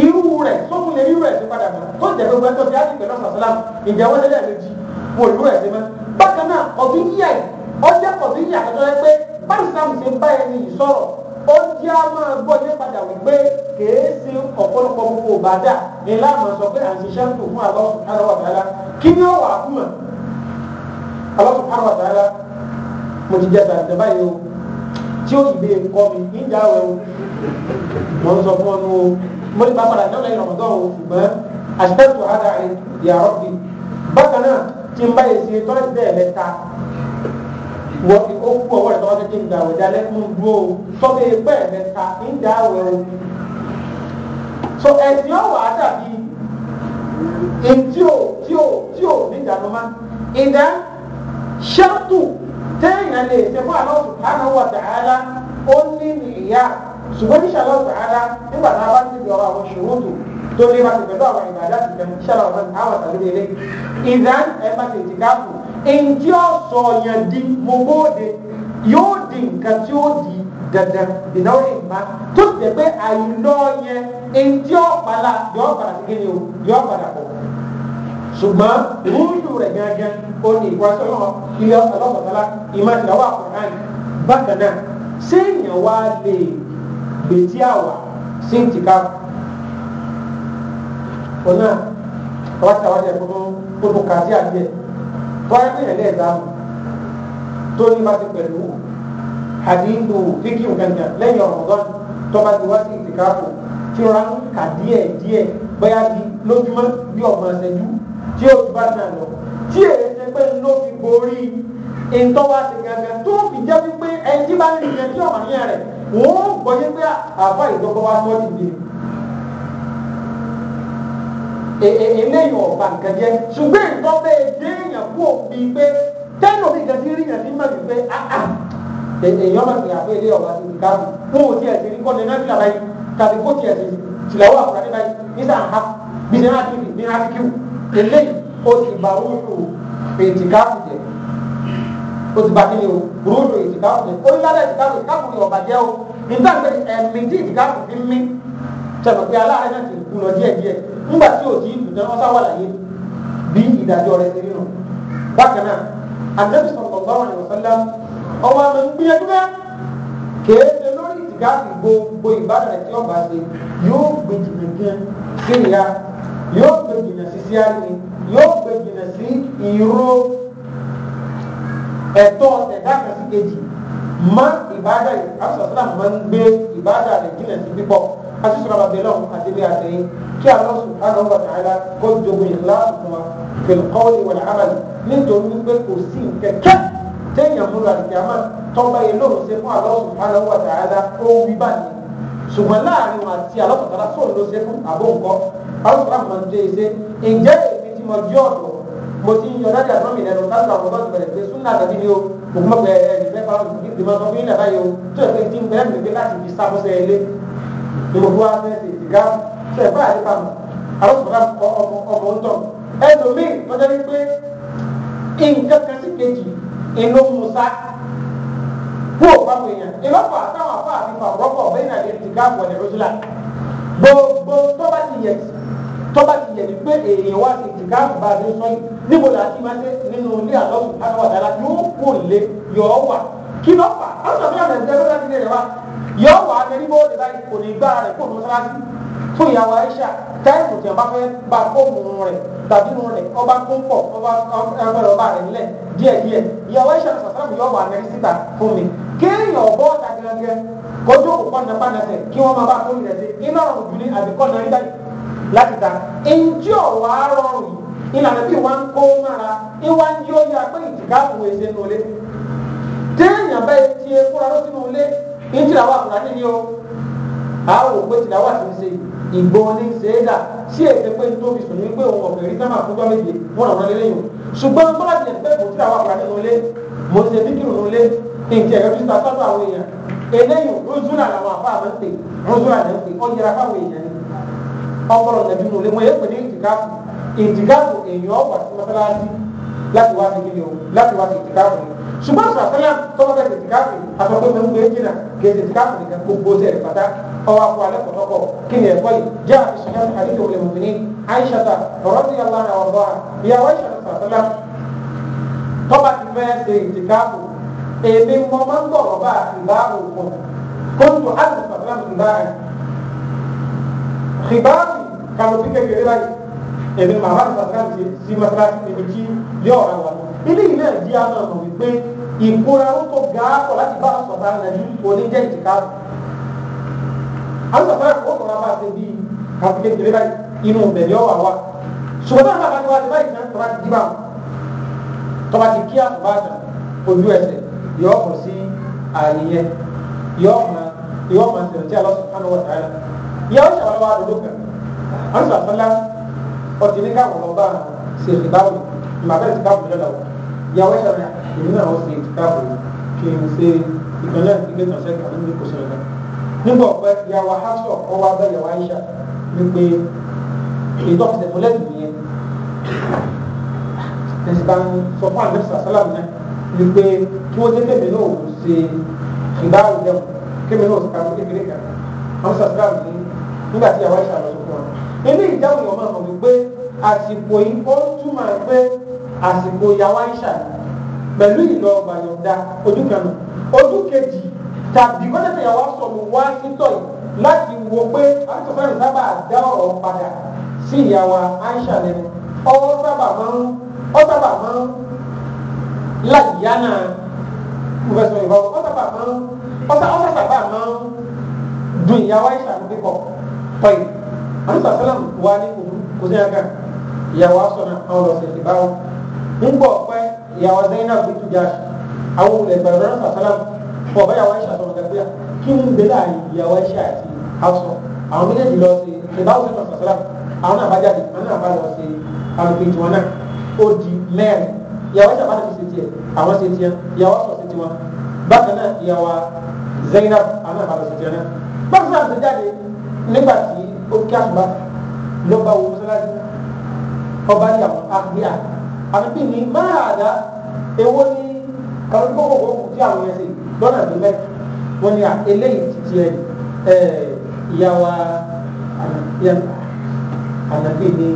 irú rẹ̀ sókun lè rí irú ẹ̀ sí padà mọ́ tó jẹ́ gbogbo ẹ̀tọ́ sí ájì pẹ̀lú sàlá ìjà wọlé lẹ́ẹ̀mejì wò irú ẹ̀ sí mọ́ bákan náà ọ̀bí yíyà yìí ọjọ́ ọ̀bí yíyà kẹtọ́ ẹ pé báyìí ṣe ń bá ẹni yìí sọ̀rọ̀ ó jẹ́ á máa gbọ́ ní wípé kèé ọ̀pọ̀lọpọ̀ gbogbo bàdà ni láàmú sọ pé à ń ṣiṣẹ́ ń tò fún àlọ́ àlọ́ wàdàlá kí ni ó wà fún ẹ̀ aláwọ̀ káwọn àtàlà mo ti jẹ sàǹtẹ̀ báyìí o tí ó ìbéè kọ́ mi ní ìjà rẹ o mo ń sọ fún ọnu o mo ní bàbá àdáná lẹ́yìn ọ̀mọ̀tọ́ o ṣùgbọ́n àṣìṣẹ́tù ara rẹ yàrá bi bákan náà tí n bá yẹ ṣe tọ́lá ti bẹ́ẹ̀ mẹ́ta wọ́n ti ó kú ọwọ́ rẹ̀ tọ́wọ́ tẹ́tí ń gbà wẹ̀ dalẹ́ fún dúró o tọ́bẹ̀ ẹgbẹ́ mẹ́ta ń jà wẹ̀ o so ẹ̀sìn ọ̀wà dàbí ètí ò tí ò tí ò nígbà tó má ìdá ṣẹ́tù téèyàn lè ṣe fún Allah subhanahu wa ta'ala ó ní nìyà ṣùgbọ́n ní ṣàlọ́ ta'ala nígbà tá a bá ti di ọ̀rọ̀ àwọn ṣòwòtò tó lé bá ti pẹ̀lú àwọn ìbàdà ti bẹ̀rù ṣàlọ́ ọ̀sán àwọn àtàlẹ́ ilé ìdán ẹ̀ bá ti ti káàpù èyí ọ̀sọ̀ yẹn di gbogbo òde yóò di nǹkan tí ó di dandan ìnáwó ìgbà tó sì jẹ́ pé àìlọ́ yẹn èyí ọ̀pàlà yóò padà sí kí ni o yóò padà pọ̀ ṣùgbọ́n rúdù rẹ̀ gángan ó ní ìwáṣọ náà ilé ọlọ́mọ̀tálá ìmọ̀ ìdáwọ́ àkùnrin bákan náà séèyàn wá lè gbèjì àwà sí ìtìká ọ̀nà ọ̀wátàwájà fún fún kàdí àdìẹ bọ́yá ní ẹ̀lẹ́ ìdáhùn tó ní bá ti pẹ̀lú àdínkù fíkì gángan lẹ́yìn ọ̀rọ̀dọ́n tó bá ti wá sí ìtìká fún fi ránú kàdí ẹ̀ díẹ̀ bọ́yá bí lójúmọ́ bí ọ̀gbọ̀n ṣẹ́jú tí ó fi bá náà lọ tí èyí ṣe pé ló fi borí ìtọ́wá ti gàgà tó fi jẹ́ wípé ẹni tí bá ní ìyẹn tí ọ̀mà níyà rẹ̀ wọ́n gbọ́yé pé àbá ìdọ́gbọ́ wa sọ́ọ́ dìde e, e, eléyìí ọ̀bà nǹkan jẹ́ ṣùgbọ́n ìtọ́ bẹ́ẹ̀ déèyàn kú òbí pé tẹ́lẹ̀ òbí kan ah, ah, e, ti rí yàn sí mẹ́rin pé èèyàn máa gbìyànjú pé ilé ọ̀bà ti ká fún òtí ẹ̀ sí ní kọ́ni náà fìlà báyìí tàbí kó tiẹ̀ sí tìlẹ̀wọ̀ àkùrẹ́ báyìí ní eléyìí ó ti ba rúdù ètìkáàfù jẹ ó ti ba kí ni o rúdù ètìkáàfù jẹ ó ní lábẹ́ ètìkáàfù ni ọ̀bà jẹ́ o nígbà pé ẹ̀mí tí ètìkáàfù fi mí sọ̀rọ̀ pé aláàárẹ̀ náà ti kú lọ díẹ̀díẹ̀ nígbà tí ò tí ì dùn náà sáwà láyé bí ìdájọ́ rẹ̀ ṣe rí nù bákan náà àdébí sọ̀rọ̀ lọ́wọ́ ni ọ̀sánlá ọwọ́ àmì ń gbìyànjú bẹ́ẹ̀ kéèké lórí ìtìkáàfù gbogbo ìbádàn tí ọba ṣe yóò yóò gbé jìnnà sí sí àyè yóò gbé jìnnà sí ìró ẹ̀tọ́ ẹ̀dá kan sí kejì má ìbádà yìí asọ̀sọ́nà máa ń gbé ìbádà rẹ̀ jìnnà sí pípọ̀ asọ̀sọ́nà bàbá ẹlọ́ àtẹ̀lé àtẹ̀yìn kí Allah subhanahu wa ta'ala kó jogun ìlànà fún wa fil qawli wal amali nítorí wípé kò sí kẹ̀kẹ́ téèyàn múlò àdìyàmá tọ́gbà yìí lóhùn sí fún Allah subhanahu wa ta'ala wí báyìí ṣùgbọ́n láàrin wọn àti Allah ta'ala sóòlù ló ṣe fún àbóǹkọ́ àwọn sọ̀rọ̀ àmọ̀ tó ṣe ǹjẹ́ èmi tí mo jí ọ̀dọ̀ mo ti yọ láti àtúnmọ̀ mi lẹ́nu káńtà àwọn bọ́ọ̀sì bẹ̀rẹ̀ pé súnà àtàbí ni o òkú mọ̀ pé ẹ̀rí bẹ́ẹ̀ fáwọn ìdí máa sọ fún ilẹ̀ báyìí o tó ẹ̀fẹ́ ti ń bẹ́ẹ̀ mi gbé láti fi sábọ́sẹ̀ ilé ìmọ̀fún afẹ́sẹ̀ ìdìgá tó ẹ̀fọ́ àdìpá mi àwọn sọ̀rọ̀ ọmọ ọmọ ń tọ̀ ẹlòmíì tọ́jọ́ wípé nǹkan kan sí kejì inú musa kú òpá mi yàn ìlọ́pọ̀ àtàwọn àfáà àti fàwọ́pọ̀ bẹ́ẹ̀ ni àdìgá wọ̀lẹ̀ rọ́júlà gbogbo tó bá ti yẹ tọ́ba ti jẹ̀bi pé èèyàn wá sí ìtìká bá a ti sọ yìí níbo là á ti máa dé nínú ilé àlọ́sùn akáwàdàlà yóò kó lé yọ̀ wà kí ló fà á lọ́sọ̀ fún àtẹ̀jẹ́ ló láti lè rẹ̀ wá yọ̀ wà á mẹ́rin bóde báyìí kò ní gbá rẹ̀ kó lóṣọ́ láti fún ìyàwó Aisha táìmù tí a bá fẹ́ bá fóònù rẹ̀ tàbí nù rẹ̀ ọba tó ń pọ̀ ọba ẹgbẹ́ ọba rẹ̀ ńlẹ̀ díẹ̀díẹ̀ ìyàwó Aisha sàtàmù yọ̀ wà mẹ́rin síta fún mi kéèyàn ọ̀bọ̀ ọ̀tà gẹ́gẹ́ kójú òkú pàǹdà pàǹdà sẹ̀ kí wọ́n máa bá fóònù rẹ̀ sí iná ọ̀rùn àbíkọ́ náà láti ta ẹnjí ọ̀wá rọrùn ìlànà bí wọ́n ń kó mára ìwà ń yọ ya pé ìtìkáàfù èsè nulẹ̀ téèyàn bá ti ekúra ló sínú ilé ní tìlàwà àkùrá nìyí o àwọn òpè tìlàwà ti ń ṣe ìgbọ́n ní ṣẹ́ẹ́dà sí èdè pé tó fi sùn ní pé òun ọ̀pẹ̀ rí sámà fún gbọ́ méje wọ́n rọ̀ lọ́lẹ́ lẹ́yìn ṣùgbọ́n bọ́lá ti ẹ̀fẹ́ kò tìlàwà àkùrá nínú ilé mo ṣe fíkìrù nínú ilé kí n tiẹ̀ fi sàtọ́jú àwọn èèyàn eléyìí rúzúnà làwọn àfáà máa ń pè rúzúnà lẹ́ ń pè ó yẹra fáwọn èèyàn ni wọn bọ̀rọ̀ nàbí nù lé wọn yẹ pé ní ìtìkáfù ìtìkáfù èèyàn wà sí mọ́sálásí láti wá sí kíni o láti wá sí ìtìkáfù ni ṣùgbọ́n sàṣẹ́lá tọ́wọ́ bẹ́ẹ̀ ìtìkáfù àtọ́kọ́ tó ń gbé jìnnà kì í ìtìkáfù nìkan gbogbo tẹ̀ pátá ọwọ́ àpò alẹ́ kọ̀tọ́kọ̀ kí ni ẹ̀kọ́ yìí jẹ́ àfihàn àdéhùn olè mùmìnì àyíṣàtà ọ̀rọ̀ ti yàrá àwọn ọ̀dọ́ à ìyàwó àyíṣàtà sàṣẹ́lá tọ́ba Kalau pikir sí kékeré báyìí ẹ̀mí màmá ìsàkà ti sí mọ́sálásí níbi tí yọ ọ̀rá wà ilé yìí náà di àmọ́ ọ̀rọ̀ wípé ìkóra ó tó ga pọ̀ láti bá àsọ̀tà nàìjú oníjẹ́ ìtìká àsọ̀tà ó tọ̀ra bá a ṣe bíi káfí kékeré báyìí inú ọ̀bẹ̀ ni ọ̀wà wa ṣùgbọ́n náà bàbá ti báyìí náà tọ́ba ti dí bá tọ́ba ti kí àtọ̀bá àtàn ojú ẹsẹ̀ yọ ọ̀pọ̀ sí ààyè yẹn yọ ọ̀mà yọ ọ̀mà sẹ̀rẹ̀ tí a lọ sọ̀tà lọ́wọ́ tààlà yà ó ṣàwárọ̀ wá lọ́dọ̀ kan ansa sọlá ọtí ní káwọn ọba ṣe ìbáwò ìmàbẹ ti káwọn ọjọ́ lọ́wọ́ ìyàwó ẹsẹ rẹ èmi náà ṣe ìtìkáwò kí n ṣe ìpínlẹ̀ ìgbé tọ̀sẹ̀ kàwé ní kò sọ̀rọ̀ náà nígbà ọ̀pẹ ìyàwó aṣọ ọwọ́ abẹ́ ìyàwó aisha wípé ètò ọ̀sẹ̀ mọ́lẹ́ nìyẹn ẹ̀sìn bá ń sọ fún àmì sàṣálà mi náà wípé kí wọ́n tẹ́tẹ́ mi náà ṣe ìbáwò dẹ́mu kí mi náà ṣe kàwé kékeré kan àmì sàṣálà mi nígbà tí àwọn ìṣàlọ sọ fún wa ilé ìjáwé ọmọ àwọn wípé àsìkò yìí ó túmọ̀ pé àsìkò yàwá ìṣà pẹ̀lú ìlọ ọgbà yọ̀ǹda ojú kan nù ojú kejì tàbí kọ́tẹ́tẹ̀ yàwá sọ̀rọ̀ wá títọ̀ yìí láti wo pé àtúntò sábà dá ọ̀rọ̀ padà sí ìyàwó àìṣà lẹ́nu ọwọ́ sábà máa ń ọ sábà máa ń láyìíyá náà mo fẹ́ ọ sábà máa ń ọ sábà máa ń dun ìyàwó àìṣà. طيب أنا صلى wali واني كوزيكا يا واسونا أو لو سيدي باو نبو أفاي يا وزينا بنت جاش أو لبرنا صلى الله فبا يا وائشة صلى الله عليه كم بلا يا وائشة أصلا àwọn méjèèjì lọ sí ìbáwò sẹ́nà sọ̀sọ́lá àwọn náà bá jáde àwọn náà bá lọ sí alùpùpù ìjùmọ̀ náà ó di mẹ́rin ìyàwó ìjàmbá náà ti ṣe tiẹ̀ àwọn ṣe tiẹ̀ ìyàwó sọ̀ ṣe tiwọn bákan náà ìyàwó Zainab àwọn náà bá lọ sí tiẹ̀ náà bákan náà ṣe jáde nígbà tí ó kí àṣùbà lọ́ba wo mọ́sálásí ọba ní àwọn àgbéyà àbíbí ni máa àdá ewó ní kàlùkòkò òkú tí àwọn yẹn ṣe lọ́nà tó mẹ́ wọ́n ní eléyìí ti tiẹ̀ ìyàwó ànàbí ni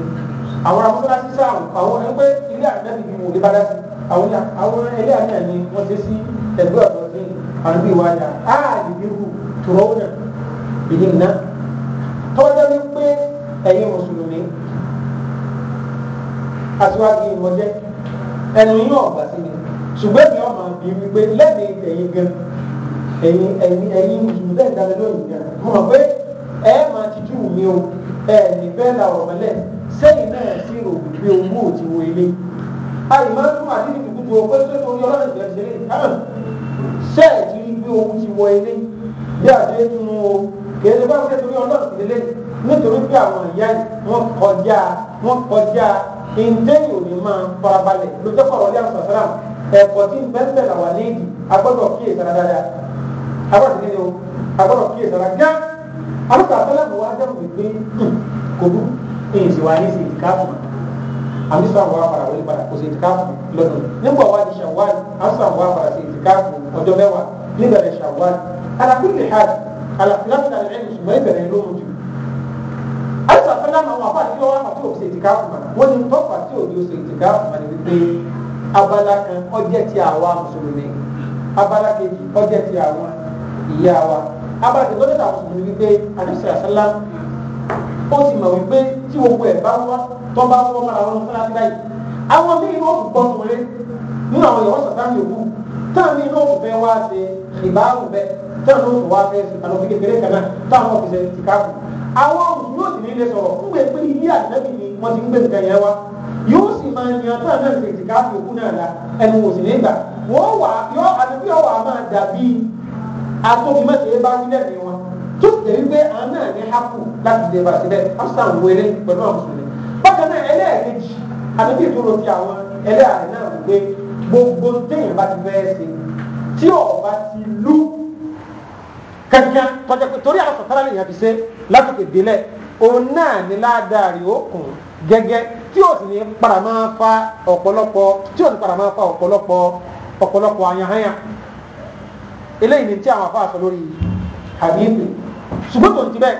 àwọn amúnáṣí sáà àwọn ẹgbẹ́ ilé ànábì ni mo lè bá dá sí àwọn àwọn ilé ànábì ni wọ́n ti sí ẹgbẹ́ ọ̀dọ́ sí ànábì wájà áà ìdíhù tùrọ́wọ́nà ìdí náà tọ́jọ́ wípé ẹ̀yin mùsùlùmí aṣíwájú ìmọ̀jẹ́ ẹnu yín ọ̀gbà sí mi ṣùgbọ́n èmi ọmọ àbí wípé lẹ́mìí ẹ̀yin gan ẹ̀yin ẹ̀yin ẹ̀yin mùsùlùmí bẹ́ẹ̀ dáná lóyún gan mo mọ̀ pé ẹ máa ti jù mí o ẹ ní bẹ́ẹ̀ la ọ̀rọ̀ mọ́lẹ̀ sẹ́yìn náà sí rò wípé owó ò ti wo ilé ayé máa ń tún àdínní kùkùtù o pé tó torí ọlọ́run ìgbà ìṣeré sẹ́ẹ̀ ti rí pé owó ti wọ ilé bí àdéhùn o kèéjì báwo ṣe torí ọlọ́run sí lélẹ́yìn nítorí pé àwọn ìyá yìí wọ́n kọjá wọ́n kọjá ìdẹ́yìn ò ní máa farabalẹ̀ lójú kọ̀ọ̀rọ̀ ọdí àṣọ sàrà ẹ̀kọ́ tí ń bẹ́ẹ̀ bẹ́ẹ̀ làwà léèdì agbọ́dọ̀ kíyè sára dáadáa agbọ́dọ̀ kíyè o agbọ́dọ̀ kíyè sára gá alùpùpù àtọ́lẹ́mù wa dẹ́kun wípé hmm, kò dùn èyí sì wà ní sí ìkáàfù àmì sọ àwọn afárá wọlé padà kò sí ìtìkáàfù lọ́dún nígbà wá di ṣàwáàlì àmì sọ àwọn afárá sí ìtìkáàfù ọjọ́ mẹ́wàá níbẹ̀rẹ̀ ṣàwáàlì alákùnrin lè ha àlàfíàsì àti ẹni ṣùgbọ́n ìbẹ̀rẹ̀ ló mú jù. àìsàn àfẹ́lá náà wọn àfáà tí wọ́n wá pàtó òfìsè ìtìká àfùmá wọ́n ní tọ́pà tí òdi òsè ìtìká àfùmá ni wípé abala kan ọjẹ́ ti àwa mùsùlùmí abala kejì ọjẹ́ ti àwọn ìyá wa abala kejì ọjẹ́ ti àwọn mùsùlùmí wípé àdìsí àṣálá ó sì mọ̀ wípé tí gbogbo ẹ̀ bá wá tọ́ bá wọ́ mọ́ra wọn fúnra báyìí àwọn míì náà kò gbọ́n wọlé nínú àwọn ìyàwó sàtáàmì òkú táàmì náà kò fẹ́ wá ṣe ìbáàrù bẹ́ẹ̀ náà ló wá fẹ́ àlọ́sí kékeré kan náà táwọn ọ̀fíìsẹ̀ ti káàkù àwọn yóò sì ní ilé sọ̀rọ̀ fúnbẹ̀ pé ilé àtẹ́bì ni wọ́n ti ń gbé nǹkan yẹn wá yóò sì máa ní ọtọ́ náà ṣe ti káàkù òkú náà la ẹnu òsì ní gbà wọ́n wà yọ àdúgbò yọ wà máa dàbí atókùnmọ́sẹ̀ bá sílẹ̀ ní wọn tó sì tẹ̀lé pé àwọn náà ní hápù láti dé bàtí bẹ́ẹ̀ pásítà ń wọlé pẹ̀lú àwọn mùsùlùmí bákan náà ẹlẹ́ẹ̀kejì àbíkí ìtòrò fi àwọn ẹlẹ́àrẹ náà wò pé gbogbo kankan tọ́jà pé torí àwọn sọ̀tara nìyẹn fi ṣe lásìkò ìdílẹ̀ òun náà ní ládàá rí ó kùn gẹ́gẹ́ tí ó sì ní padà máa fa ọ̀pọ̀lọpọ̀ tí ó sì padà máa fa ọ̀pọ̀lọpọ̀ ọ̀pọ̀lọpọ̀ àyànháyà eléyìí ni tí àwọn afá sọ lórí hadithi ṣùgbọ́n tó ń ti bẹ́ẹ̀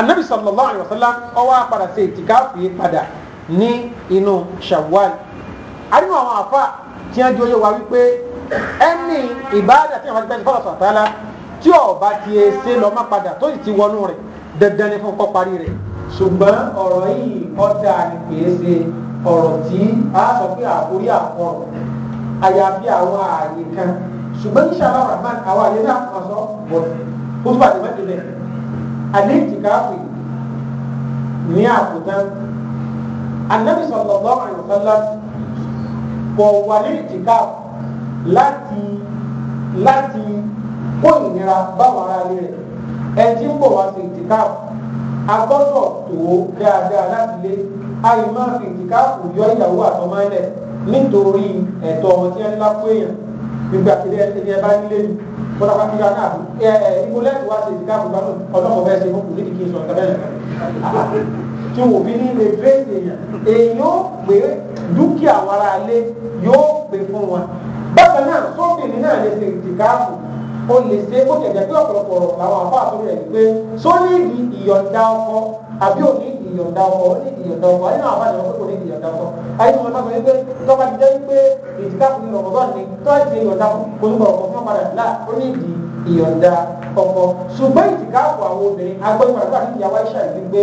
anabi sallallahu alayhi wa sallam ọwọ́ apàdà sí ìtìkáfì padà ní inú shawwal arínú àwọn afá tí wọ́n di oyè wa wípé ẹni ìbáàdà tí wọ́n ti bẹ́ẹ̀ ní fọlọ́sọ̀ àtàlá tí ọba ti ẹ e ṣe lọ má padà tó sì ti wọnú rẹ̀ dandan ni fún kọ́ parí rẹ̀ ṣùgbọ́n ọ̀rọ̀ yìí ọ̀dà ni kì í ṣe ọ̀rọ̀ tí a sọ pé àkórí àkọrọ̀ àyàfi àwọn ààyè kan ṣùgbọ́n ní sàlá rahman àwọn àyè náà kàn sọ bọ̀ kó tó bàtí mẹ́tẹ̀ẹ́ bẹ́ẹ̀ àlẹ́ ìtìkáfì ní àkótán anabi sallallahu alaihi wasallam kọ̀ wà ní ìtìkáfì láti láti kó ìnira báwọn ará ilé rẹ̀ ẹtí ń bọ̀ wá sí ìtìkáàfù agbọ́dọ̀ tó dáadáa láti lé ayé máa fi ìtìkáàfù yọ ìyàwó àtọmọ́lẹ̀ nítorí ẹ̀tọ́ ọmọ tí wọ́n lápò èèyàn gbogbo àtẹlẹ ẹni ẹ bá nílé mi kọ́lá bá kíkà náà ẹ ẹ ibo lẹ́yìn wá sí ìtìkáàfù bá ọlọ́mọ bẹ́ẹ̀ ṣe fún kùdí kí n sọ ìtàbẹ́ tí wò bí nílé bẹ́ẹ̀sì èèyàn èèyàn ó pè dúkìá wàrà lé yóò o lè ṣe kó kẹ̀kẹ́ pé ọ̀pọ̀lọpọ̀ ọ̀rọ̀ làwọn àfa àtúrò rẹ̀ wípé só ní ìdí ìyọ̀ǹda ọkọ àbí ò ní ìdí ìyọ̀ǹda ọkọ ó ní ìdí ìyọ̀ǹda ọkọ àyínà àwọn àjọ pé kò ní ìdí ìyọ̀ǹda ọkọ àyínà wọn sọ wípé tọ́ba ti jẹ́ wípé ìdíkàkùn ní ọ̀pọ̀ bọ́ọ̀ni tó ti ìyọ̀ǹda kò ní bọ̀ ọ̀pọ̀ fún ọ̀padà là ó ní ìdí ìyọ̀ǹda ọkọ ṣùgbọ́n ìtìkáàfù àwọn obìnrin agbẹ́gbẹ́ àgbà ní ìyàwó àìsàn yìí gbé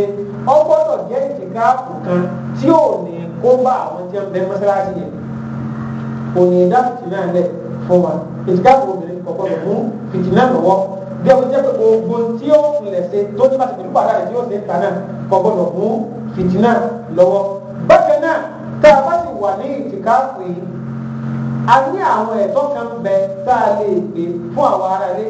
ọgbọ́dọ̀ jẹ́ ìtìkáàfù kan tí ò ní kó bá àwọn tí wọ́n bẹ mọ́sálásí yẹn kò ní dáàbò náà lẹ̀ fún wa ìsìkáàfù obìnrin kọ̀ọ̀kan lò fún fìtínà lọ́wọ́ bí ọkùnrin jẹ́ pé ogun tí ó lẹ̀ ṣe tó ní bàtà pẹ̀lú pàdánù tí ó ṣe kà náà kọ̀ọ̀kan lò fún fìtínà lọ́wọ́. bákan náà tá a bá sì wà ní ìsìkáàfù yìí a ní àwọn ẹ̀tọ́ kan bẹ tá a lè gbé fún àwọn ará ilé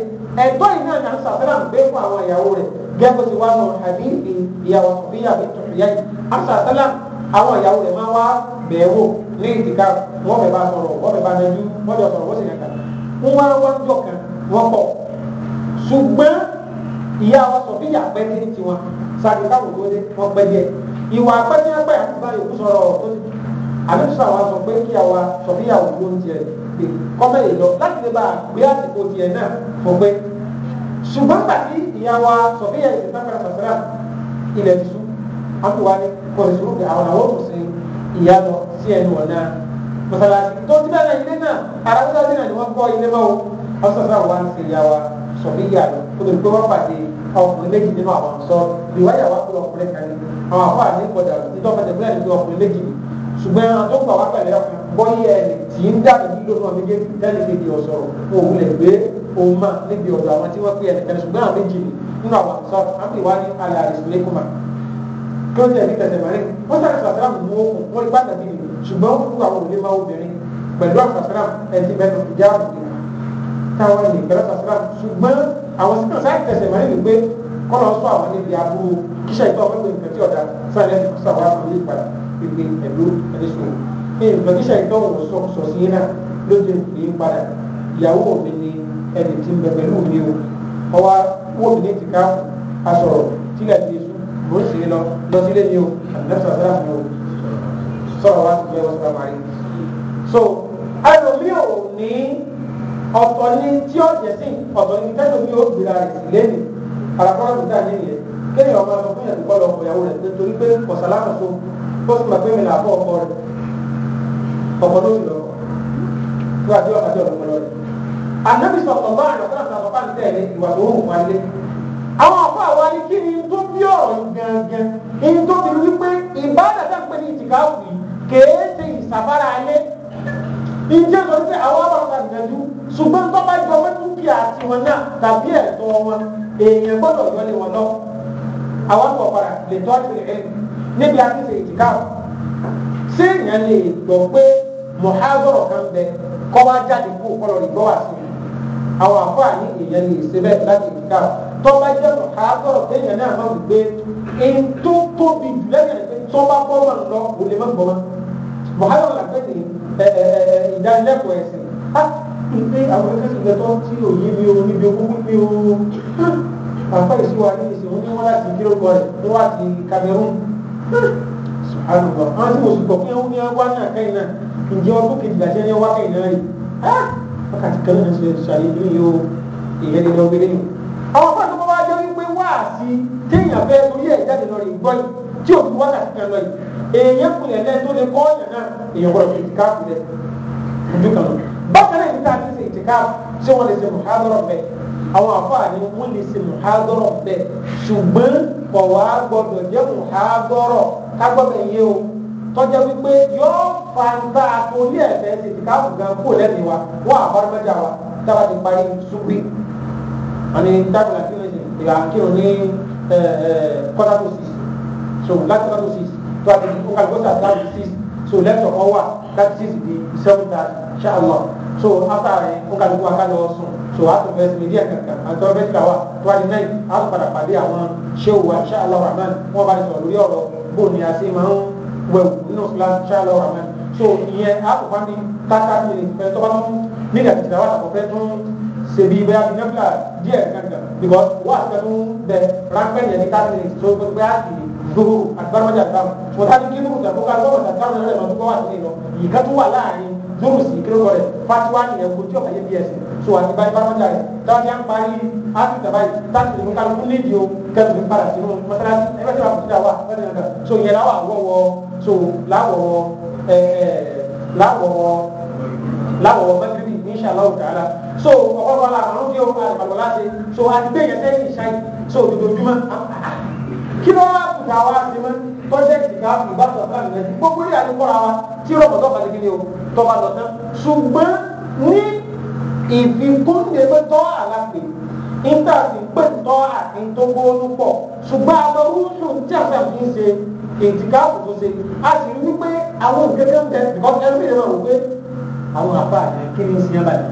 ẹ̀tọ́ yìí náà náà sàfẹ́ràn gbé fún àwọn ìyàwó rẹ̀ gẹ́gẹ́ ti wá nù hadithi ìyàwó sọ̀fíyà bí tòṣìyà yìí àṣàṣàlám àwọn ìyàwó rẹ̀ máa wá bẹ̀ẹ́wò ní ìtìká wọ́n fẹ́ bá sọ̀rọ̀ wọ́n fẹ́ bá nájú wọ́n jọ sọ̀rọ̀ wọ́n sì yàn wọ́n wá wá ń jọ kan wọ́n pọ̀ ṣùgbọ́n ìyá wa sọ fíjà pẹ́ sí ní tiwọn sáré káwọn tó dé wọ́n pẹ́ díẹ̀ ìwà pẹ́ẹ́tì ẹgbẹ́ àti bá yòókù sọ̀rọ̀ tó ti àbísà wa sọ pé kí àwa sọ fíjà òkú ń tiẹ̀ pé kọ́mẹ́ lè lọ láti lè bá àgbé àsìkò tiẹ̀ náà fọ pé ṣùgbọ́n pàtí ìyá wa sọ fíjà ìsìnkú àpẹẹrẹ pàṣẹ ilẹ̀ tìṣú àtúwálé kọ̀ọ̀ṣù àwọn àwọn òṣìṣẹ́ ìyá lọ sí ẹnu ọ̀nà mọ́sálásí tó ti bẹ̀rẹ̀ ilé náà ara tó dájú náà ni wọ́n kọ́ ilé mọ́wó ọ̀sọ̀sọ̀ wa ń ṣe ìyá wa sọ̀bíyà lọ tó lè gbé wọ́n pàdé ọkùnrin méjì nínú àwọn sọ ìwáyà wa kúrò ọkùnrin kan ní àwọn àpá àti ìkọjà nítorí ọkùnrin méjì nínú ọkùnrin méjì ní ṣùgbọ́n àwọn tó gbà wá pẹ̀lú ọkùnrin bọ́yẹ̀ ẹ̀ tí ń dàbí lílo náà méjèèjì tẹ́lẹ̀ kejì ọ̀sọ̀ òun lè gbé òun mà níbi ọ̀dọ̀ àwọn tí wọ́n pè ẹnìkan ṣùgbọ́n àwọn méjì ní nínú àwọn sọ àti ìwá ní alẹ́ àrìsùlẹ́kùnmá kí wọ́n ti ẹ̀ ní tẹ̀sẹ̀ mọ́rin wọ́n sáré sọ̀tàrà mú wọn ṣùgbọ́n gbogbo àwọn òde máa obìnrin pẹ̀lú àpàsílà ẹtì mẹ́nu ìjà àbùkù táwọn ènìyàn pẹ̀lú àpàsílà ṣùgbọ́n àwọn síkàn sáà tẹ̀sẹ̀ mọ́lẹ́ wípé kọ́ lọ sọ àwọn níbi aburú kíṣà ìgbà ọ̀pẹ́ nǹkan tí ọ̀dà sáré sàwọ́ àfọlé padà pípé pẹ̀lú ẹni sùn nǹkan kíṣà ìgbà òun sọ sí iná lóde ìpè padà ìyàwó mi ni ẹni tí ń bẹ pẹ̀lú mi o ọwọ́ wọ́n mi ní ti ká aṣọ̀rọ̀ tí sọ̀rọ̀ wá sí ẹwọ́n sábà rí so ẹlòmí ò ní ọ̀tọ̀ ní tí ó jẹ́ sí ọ̀tọ̀ ní tẹ́lòmí ó gbéra rẹ̀ sí lẹ́nu àràkọ́rọ́ mi dà nínú yẹn kéèyàn ọmọ ọmọ fún ìyàtúkọ́ lọ ọ̀pọ̀yàwó rẹ̀ nítorí pé kọ̀sálàmù tó ó sì máa gbé mi làbọ̀ ọkọ rẹ̀ ọkọ ló ń lọ tó àti ọkọ àti ọ̀dùnkọ lọ rẹ̀. ànábì sọ̀tọ̀ bá àrùn ọ̀tọ̀ àwọn àpá àwa ni kí ni tó bí ọ̀rọ̀ gangan ni tó ti wí pé ìbáradà ń pè ní ìtìkáàfù yìí kéèsì ìsàbára alẹ́ ìjẹ́ sọ pé àwọn àbàkà ìdájú ṣùgbọ́n tó bá jọ pé dúkìá tiwọn náà tàbí ẹ̀tọ́ wọn èèyàn gbọ́dọ̀ yọlé wọn lọ àwọn tó ọ̀pára lè tọ́ ìbìlẹ̀ ẹ̀ níbi àti ṣe ìdíkà ṣé èèyàn lè gbọ́ pé mọ̀hágọ́rọ̀ kan bẹ kọ́ wá jáde kú kọ́lọ̀ lè gbọ́ wá sí i àwọn àfáà ní èèyàn lè ṣe bẹ́ẹ̀ láti ìdíkà tó bá jẹ́ mọ̀hágọ́rọ̀ kéèyàn náà má wù pé èyí tó tóbi jù lẹ́yìn tó bá bọ́ wọn lọ kò lè má gbọ́ wọn bọ̀hárọ̀ làgbẹ́ ní ìdánilẹ́kọ̀ọ́ ẹ̀sìn á ìpè àwọn akẹ́kọ̀ọ́ ìgbẹ́tọ́ tí òye mi ò níbi ogún mi ò àpá ìṣúwà ní ìṣòwò ní wọ́n láti kí orúkọ rẹ̀ wọ́n wá ti Cameroon àlùkò àwọn tí mo sì gbọ́ pé ó ní wá náà kẹ́yìn náà ǹjẹ́ ọdún kejìlá jẹ́ ní wá kẹ́yìn náà rí wákàtí kan náà ṣe ṣàlẹ́ ìlú yìí ó ìyẹn ní lọ́ọ́ gbélé nù. àwọn fún àtúntò bá wá jẹ́ wípé wáàsí téèyàn fẹ́ torí ẹ̀ jáde lọ rí gbọ́ yìí tí òfin wákàtí kan lọ yìí èèyàn kùnlẹ̀ lẹ́yìn tó lè kọ́ ọ̀yàn náà èèyàn gbọ́dọ̀ fi ìtìkáàfù lẹ̀ ojú kan bákan náà níta ti ṣe ìtìkáàfù ṣé wọ́n lè ṣe mùhádọ́rọ̀ bẹ́ẹ̀ àwọn àfààní wọ́n lè ṣe mùhádọ́rọ̀ bẹ́ẹ̀ ṣùgbọ́n kò wá gbọ́dọ̀ jẹ́ mùhádọ́rọ̀ kágbọ́dọ̀ yé o tọ́jà wípé yóò fa nípa àtòlí ẹ̀fẹ́ ṣe ìtìkáàfù gan kó lẹ́nu wa wọ́n àbárúmọ́jà wa táwa ti parí súgbì àní tábìlà kí ló ṣe ìlà kí ló ní kọ́tà so láti tó a ti di kókà kókà tó six so lẹ́tọ̀ kan wà láti six di seven thirty ṣáàlọ́ so after rẹ̀ kókà tó kókà lọ sùn so a tún bẹ̀rẹ̀ sílẹ̀ kankan àti ọ̀rọ̀ bẹ́ẹ̀ ti tó a di nine a tún padà pàdé àwọn ṣéwù wa ṣáàlọ́ rahman wọ́n bá ti sọ̀rọ̀ lórí ọ̀rọ̀ bóòní àti máa ń wẹ̀wù nínú class ṣáàlọ́ rahman so ìyẹn a tún bá ní thirty minutes pẹ̀lú tó bá tún nígbà tí ìdáwà àkọ́fẹ́ tún sebi bẹ́ẹ̀ bí nẹ́fìlà díẹ̀ kankan because wọ́n àti pẹ̀lú bẹ̀ ráńpẹ́ yẹn ní thirty minutes gbẹ́gbẹ́ àti duhu agbára jàkàm wọ́tá ní kíndùkù tàbí ká lọ́wọ́ jàkàm náà lẹ́nu tó wà sílẹ̀ lọ yìí ká tó wà láàrin dúró sí kí ló kọ́ rẹ̀ fatiwa nìyẹn kò tí ọ̀ka yé bíyẹn sí so àti báyìí bára jà rẹ̀ táwọn yà ń parí áti tàbá yìí táàtì ní kálukú nídìí o para kẹ́tù ní padà sínú mọ́sálásí ẹgbẹ́ tí wàá kùtì dà wà lọ́dún yàtọ̀ so yẹn láwà wọ́wọ́ so láwọ̀wọ́ láwọ̀wọ́ láwọ̀wọ́ mẹ́tírì inshallah ta'ala so ọ̀pọ̀lọpọ̀ la àwọn olóògbé ọ̀pọ̀ àgbàlọ́ láti so àti bẹ́ẹ̀ yẹn sẹ́yìn ìṣáyé so òdodo juma kí ló wá kùtà wá sí mọ́ tọ́jẹ́tì ká kù bá sọ̀tún àmì ẹ̀sìn gbogbo ní àdúgbòra wa tí rọ̀bọ̀ tọ́ba ti kíni o tọ́ba lọ tán ṣùgbọ́n ní ìfikúnde pé tọ́ àlàpè níta sì pé tọ́ àti tó gbóòórùn pọ̀ ṣùgbọ́n alọ́rùsùn tí àṣà fi ń ṣe ètìká kùtù ṣe a sì rí wípé àwọn òkèké ń bẹ ìkọ́kẹ́ ń bèrè wọn wípé àwọn àbá àti kí ni ń ṣe báyìí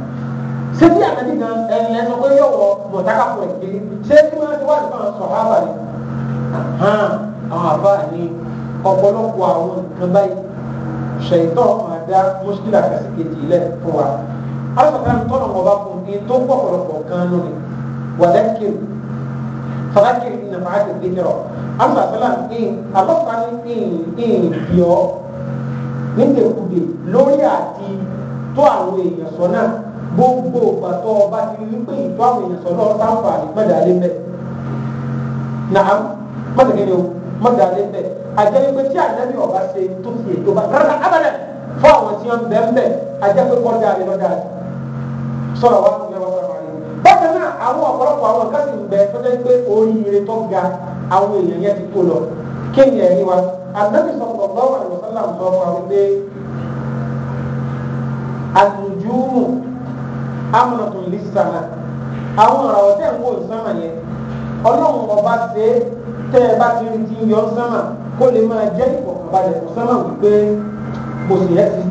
ṣé bí àtàkì kan ẹ̀yìn ẹ̀ sọ pé yọ̀wọ̀ mọ̀tákàfọ̀ ẹ̀ kiri ṣé kí wọ́n ti wá ìfọ̀n sọ̀rọ̀ àbàlẹ̀ hàn àwọn àbá ní ọ̀pọ̀lọpọ̀ àwọn nǹkan báyìí ṣèyítọ́ máa dá mọ́ṣíkìlà kàṣíkejì ilẹ̀ fún wa alásọ̀kan tọ́nà wọn bá fún ní tó pọ̀pọ̀lọpọ̀ kan lónìí wàlẹ́kìn fàlákìn ní nàfà àti ìdíkẹ̀rọ̀ alásọ̀kan ní alọ́sọ̀kan ní ìyọ̀ nídèkudè lórí àti tó àwọn èèyàn sọ náà gbogbo ìgbàtọ́ ọba ti rí pé ìtọ́ àwọn èèyàn sọ náà sáǹfà àdìgbàdà lé mẹ́ nàá mọ́tẹ̀kẹ́ ni o mọ́tẹ̀ alẹ́ bẹ́ẹ̀ àjẹ́ wípé tí ànábì ọba ṣe tó fi ètò bá rárá abẹ́rẹ́ fún àwọn tí wọ́n bẹ́ẹ̀ bẹ́ẹ̀ àjẹ́ pé kọ́ dáa lè lọ́dà sọ̀rọ̀ wá fún mẹ́wàá sọ̀rọ̀ wáyé. bákan náà àwọn ọ̀pọ̀lọpọ̀ àwọn nǹkan sì ń bẹ tó jẹ́ pé oríire tó ga àwọn èèyàn yẹn ti tó lọ kéèyàn ẹ̀rí wa ànábì sọ̀rọ̀ lọ́wọ́ àlùsọ́lá ń sọ fún wa wípé àlùjúmù amúnàtún lè sàmà àwọn ọ̀rọ̀ ọ̀tẹ̀ ń wò sánmà yẹn ọlọ́run ọba ṣe é tẹ́ ẹ bá ti rí ti yọ sánmà kó lè máa jẹ́ ìfọ̀kànbalẹ̀ fún sánmà wípé mo sì yẹ sí.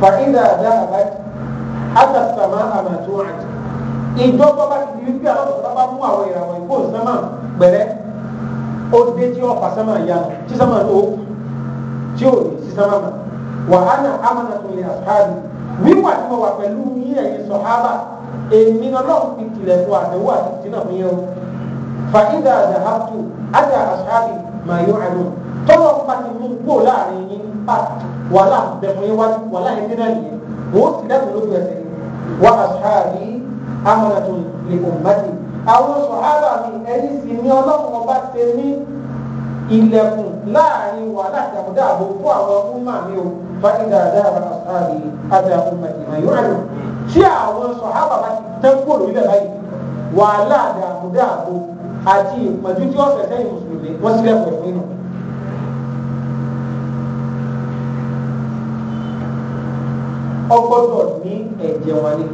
fàídà àdá àbá àtàsàmà àmàtó àti ìjọ tó bá ti di wípé àwọn ọ̀sán bá mú àwọn ìràwọ̀ ìkó sánmà gbẹ̀rẹ́ ó dé tí ọ̀fà sánmà yá tí sánmà ló kù tí ò ní sí sánmà mà wàhánà amánàtún lè àṣáàbì wíwà tí mo wà pẹ̀lú yín ẹ̀yin sọ̀hábà èmi náà lọ́ọ̀ fi tilẹ̀ fún àdéhùn àti tìǹà fún yẹn o. فإذا àdàhàtù àdà أصحابي ما يعلم àlọ tọ́lọ̀ ń bá ti mú gbò ولا yín pa wàhálà bẹ̀fún yín wájú wàhálà yín dínà nìyẹn wọ́n ti dẹ́kun lójú ẹsẹ̀ wà àṣàbì amọ̀nàtò lè kò bá ti. àwọn sọ̀hábà mi ẹ̀yìn sì ni ọlọ́run ọba ṣe láàrin wàhálà àti àbúdá àbò fún àwọn ọmọ mi o fàídà àdàhàtù àṣàbì àdà ọmọ ìmọ̀ yọ àlọ tí àwọn sọ̀hábà bá ti tẹ́kù òrùlé báyìí wàhálà àdàbòdàbò àti ìpọ́njú tí ọ̀sẹ̀ sẹ́yìn mùsùlùmí wọ́n sílẹ̀ pọ̀ fún inú. ọgbọ́dọ̀ ní ẹ̀jẹ̀ wọn ni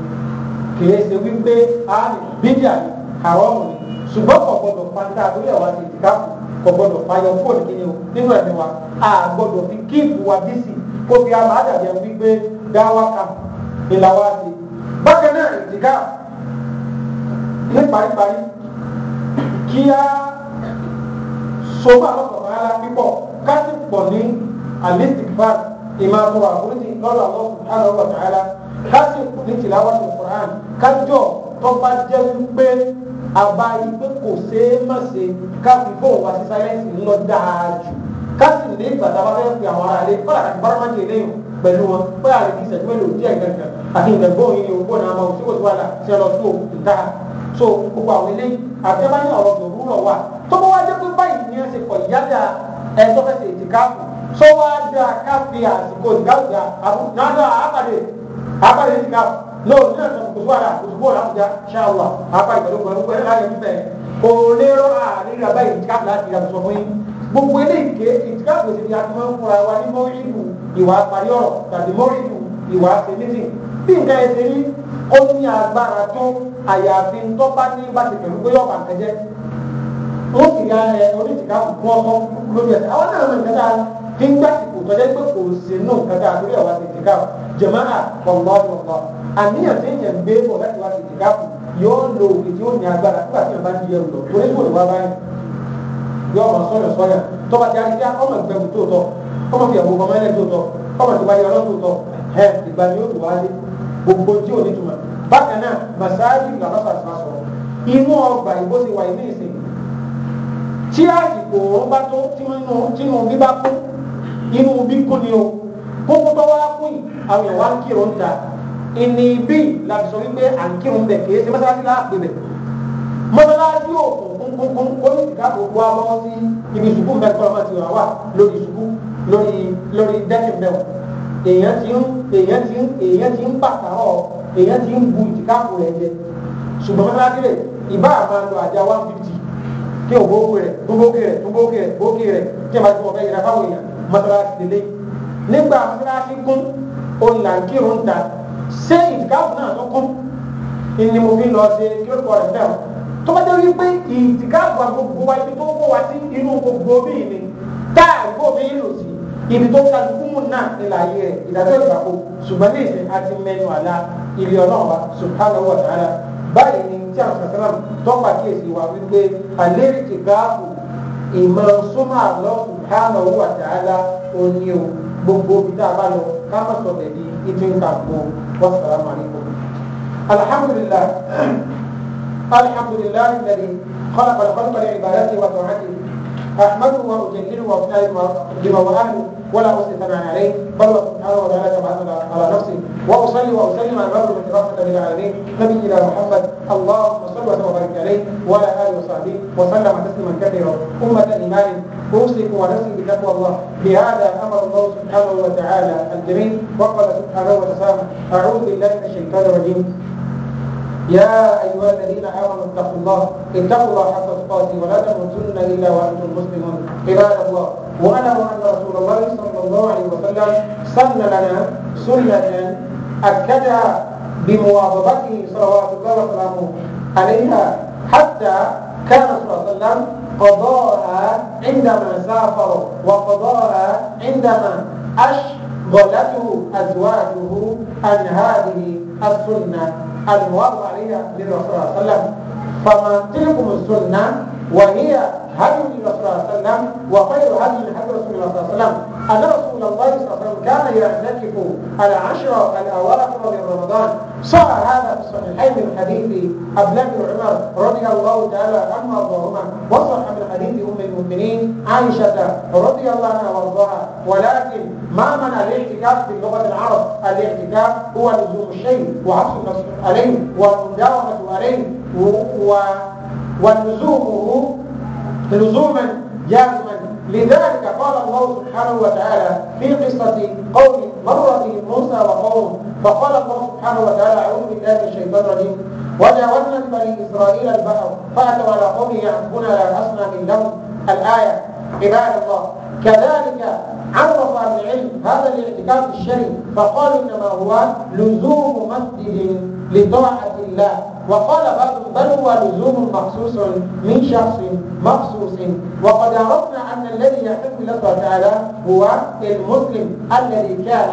kìí ṣe wípé a bíjà ni àrọ́mù ni ṣùgbọ́n kò gbọ́dọ̀ pátá àbúrò ẹ̀wá ti ti káàpù kò gbọ́dọ̀ fàyọ fóònù kí ni o nínú ẹ̀mí wa a gbọ́dọ̀ fi kíìpù wa bísí kó fi àmà àdàbẹ̀ wípé dáwà kan ìlà wa ti bákan náà ìdìgá ní paríparí kíá sọ́kọ́ àlọ́kọ̀ ara pípọ̀ ká sì pọ̀ ní àlẹ́sìkfà ìmọ̀ àtọ̀rọ̀ àforíjì lọ́dọ̀ àwọn subhanahu wa ta'ala ká sì pọ̀ ní tìláwàtò Qur'an kájọ tó bá jẹ́ wípé àbá wípé kò ṣeé má ṣe ká fi fóun wá sí sáyẹ́ǹsì ńlọ dáájú ká sì ní ìgbàdá bá fẹ́ fi àwọn ará lé kọ́lá àti bárámájì eléyìí pẹ̀lú wọn pé àlè kì í ṣẹ̀tú mélòó díẹ̀ gàngàn àti ìgbàgbọ́ yìí ni ògbó náà máa ń tí kò sí wàhálà ṣe lọ sí òkúta so gbogbo àwọn eléyìí àtẹ́bá ní ọ̀rọ̀ dòrú rọ̀ wà tó bá wá jẹ́ pé báyìí ni ẹ ṣe pọ̀ ìyáda ẹjọ́ fẹ́ ṣe ìtìkáàfù tó wá dá káfí àsìkò ìdáwùjá àbúrò náà náà àbàdé àbàdé ìtìkáàfù lóòrùn náà sọ kò síwára kò síwó làwùjá ṣáàwà àbàdé pẹ̀lú pẹ̀lú pẹ̀lú láyé níbẹ̀ kò lérò àárín rẹ̀ báyìí ìtìkáàfù láti ìyàwó sọ fún yín gbogbo eléyìí ìtìkáàfù ti di bí nǹkan ẹ̀ ṣe rí ó ní agbára tó àyàfi tó bá ní bá pẹ̀lú bóyá ọ̀bà nǹkan jẹ́ ó ya ẹ oníṣìká fún ọkọ lórí ẹsẹ̀ àwọn náà lọ nǹkan dáa fi ń gbà sìkò tọ́jẹ́ pé kò sí nù nǹkan dáa lórí ẹ̀wà ti tìkà jẹ̀mọ́ àpọ̀lọ́ ọ̀pọ̀ àníyàn tí èèyàn gbé bọ̀ láti wá ti tìkà fún yóò lo òkè tí ó ní agbára nígbà tí èèyàn bá ń di ẹrù lọ torí kò ní wá báyìí yóò mọ sọ́yọ̀ sọ́yọ̀ tọ́ba ti arígbá ọmọ ìgbẹ́kù tó tọ́ ọmọ ìyàwó ọmọ ẹlẹ́ tó tọ́ ọmọ ìgbà gbogbo tí ò ní tuma bákan náà masáájú làbá sàṣà sọ̀rọ̀ inú ọgbà ìbò ti wà ní ìsìn tí àsìkò òun bá tó tínú bí bá kú inú bí kú ni o kókó tó wá kú yìí àwọn ìwà ń kírun ta ìní bí làbí sọ wípé à ń kírun bẹ kì í ṣe mọ́sálásí láàpẹ bẹ mọ́sálásí òkun kúnkún kóyè tìka gbogbo àwọn sí ibi sùkúù mẹ́kọ́ ọmọ ti wà wà lórí sùkúù lórí lórí dẹ́kìn bẹ́ẹ̀ èèyàn ti ń èèyàn ti ń èèyàn ti ń pàtàrọ̀ èèyàn ti ń bu ìtìkáàpù rẹ̀ jẹ ṣùgbọ́n mọ́sálásí rẹ̀ ìbá àmà lọ àjà one fifty kí o bó kéré tó bó kéré tó bó kéré bó kéré kí ẹ bá ti wọ́n fẹ́ yẹra fáwọn èèyàn mọ́sálásí lélẹ̀ nígbà mọ́sálásí kún òǹlàǹkìrún ta ṣé ìtìkáàpù wa ibi tó kó wa sí inú gbogbo bíi ni táà gbogbo bíi lò sí ibi tó ka kúmù náà nílà ayé rẹ̀ ìdájọ́ ìgbàkó ṣùgbọ́n ní ìsìn àti mẹ́nu àlá ilé ọlọ́ọ̀bá subhanahu wa ta'ala báyìí ni tí àwọn sàkàlà tọ́pà kíyèsí wa wípé àlérí ìgbàkó ìmọ̀ súnmọ́ àlọ́ subhanahu wa ta'ala òní o gbogbo ibi tá a bá lọ ká má sọ bẹ̀ẹ́ di ibi nǹkan kó wassalamu alaikum. alhamdulillah alhamdulillah alladhi خلق الخلق لعبادته وطاعته احمده واجلله واثنى بمواهبه ولا أحصي ثناء عليه بل الله سبحانه وتعالى تبعثنا على نفسي وأصلي وأسلم على المغرب رحمة للعالمين نبينا محمد اللهم صل وسلم وبارك عليه وعلى آله وصحبه وسلم تسليما كثيرا أمة إيمان أوصيك ونفسي بتقوى الله بهذا أمر الله سبحانه وتعالى الجميل وقال سبحانه وتعالى أعوذ بالله من الشيطان الرجيم يا أيها الذين آمنوا اتقوا الله اتقوا الله حق تقاتي ولا تموتن إلا وأنتم مسلمون عباد الله واعلموا أن رسول الله صلى الله عليه وسلم سن لنا سنة أكدها بمواظبته صلوات الله وسلامه عليها حتى كان صلى الله عليه وسلم قضاها عندما سافر وقضاها عندما أشغلته أزواجه عن هذه السنة المواظب عليها للرسول صلى الله عليه وسلم فمن تلكم السنة وهي هدي النبي صلى الله عليه وسلم وخير هدي هدي رسول الله صلى الله عليه وسلم أن رسول الله صلى الله عليه وسلم كان يعتكف العشر الأواخر من رمضان صار هذا في الصحيحين من حديث عبد الله بن عمر رضي الله تعالى عنه وارضاهما وصح من حديث أم المؤمنين عائشة رضي الله عنها وارضاها ولكن ما من الاعتكاف في لغة العرب الاعتكاف هو لزوم الشيء وعكس النصر عليه ومداومة عليه و... ولزومه لزوما جازما لذلك قال الله سبحانه وتعالى في قصة قوم مرة موسى وقوم فقال الله سبحانه وتعالى أعوذ بالله من الشيطان الرجيم وجاوزنا بني إسرائيل البحر فأتوا على قومه يعزفون على أصنام لهم الآية عباد الله كذلك عرف اهل العلم هذا الاعتكاف الشريف فقال انما هو لزوم مسجد لطاعه الله وقال بعضهم بل هو لزوم مخصوص من شخص مخصوص وقد عرفنا ان الذي يحب الله تعالى هو المسلم الذي كان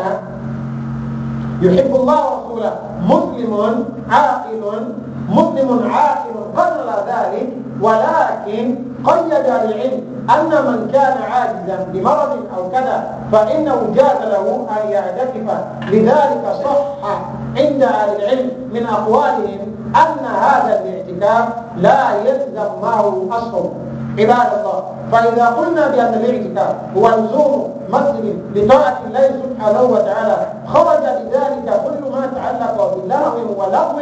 يحب الله ورسوله مسلم عاقل مسلم عاقل قدر ذلك ولكن قيد العلم أن من كان عاجزا بمرض أو كذا فإنه جاز له أن يعتكف لذلك صح عند أهل العلم من أقوالهم أن هذا الاعتكاف لا يلزم معه أصل عباد الله فإذا قلنا بأن الاعتكاف هو لزوم مسجد لطاعة الله سبحانه وتعالى خرج بذلك كل ما تعلق بلغو ولغو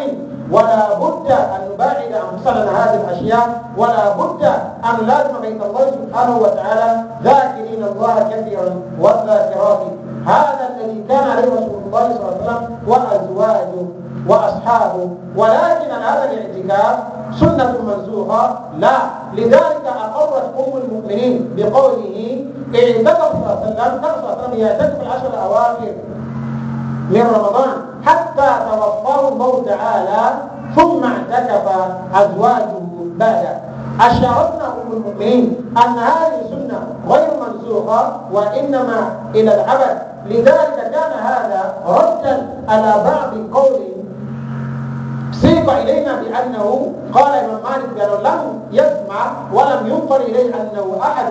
ولا بد أن نباعد أنفسنا عن هذه الأشياء ولا بد أن نلازم بيت الله سبحانه وتعالى ذاكرين الله كثيرا والذاكرات هذا الذي كان عليه رسول الله صلى الله عليه وسلم وأزواجه وأصحابه ولكن هذا الاعتكاف سنة منسوخة لا لذلك أقرت أم المؤمنين بقوله اعتكف صلى الله عليه وسلم كان صلى الله عليه وسلم يعتكف العشر الأواخر من رمضان حتى توفاه الله تعالى ثم اعتكف أزواجه بعد أشعرنا أم المؤمنين أن هذه السنة غير منسوخة وإنما إلى العبد لذلك كان هذا ردا على بعض قول سيق إلينا بأنه قال إمام مالك بأنه لم يسمع ولم ينقل إليه أنه أحد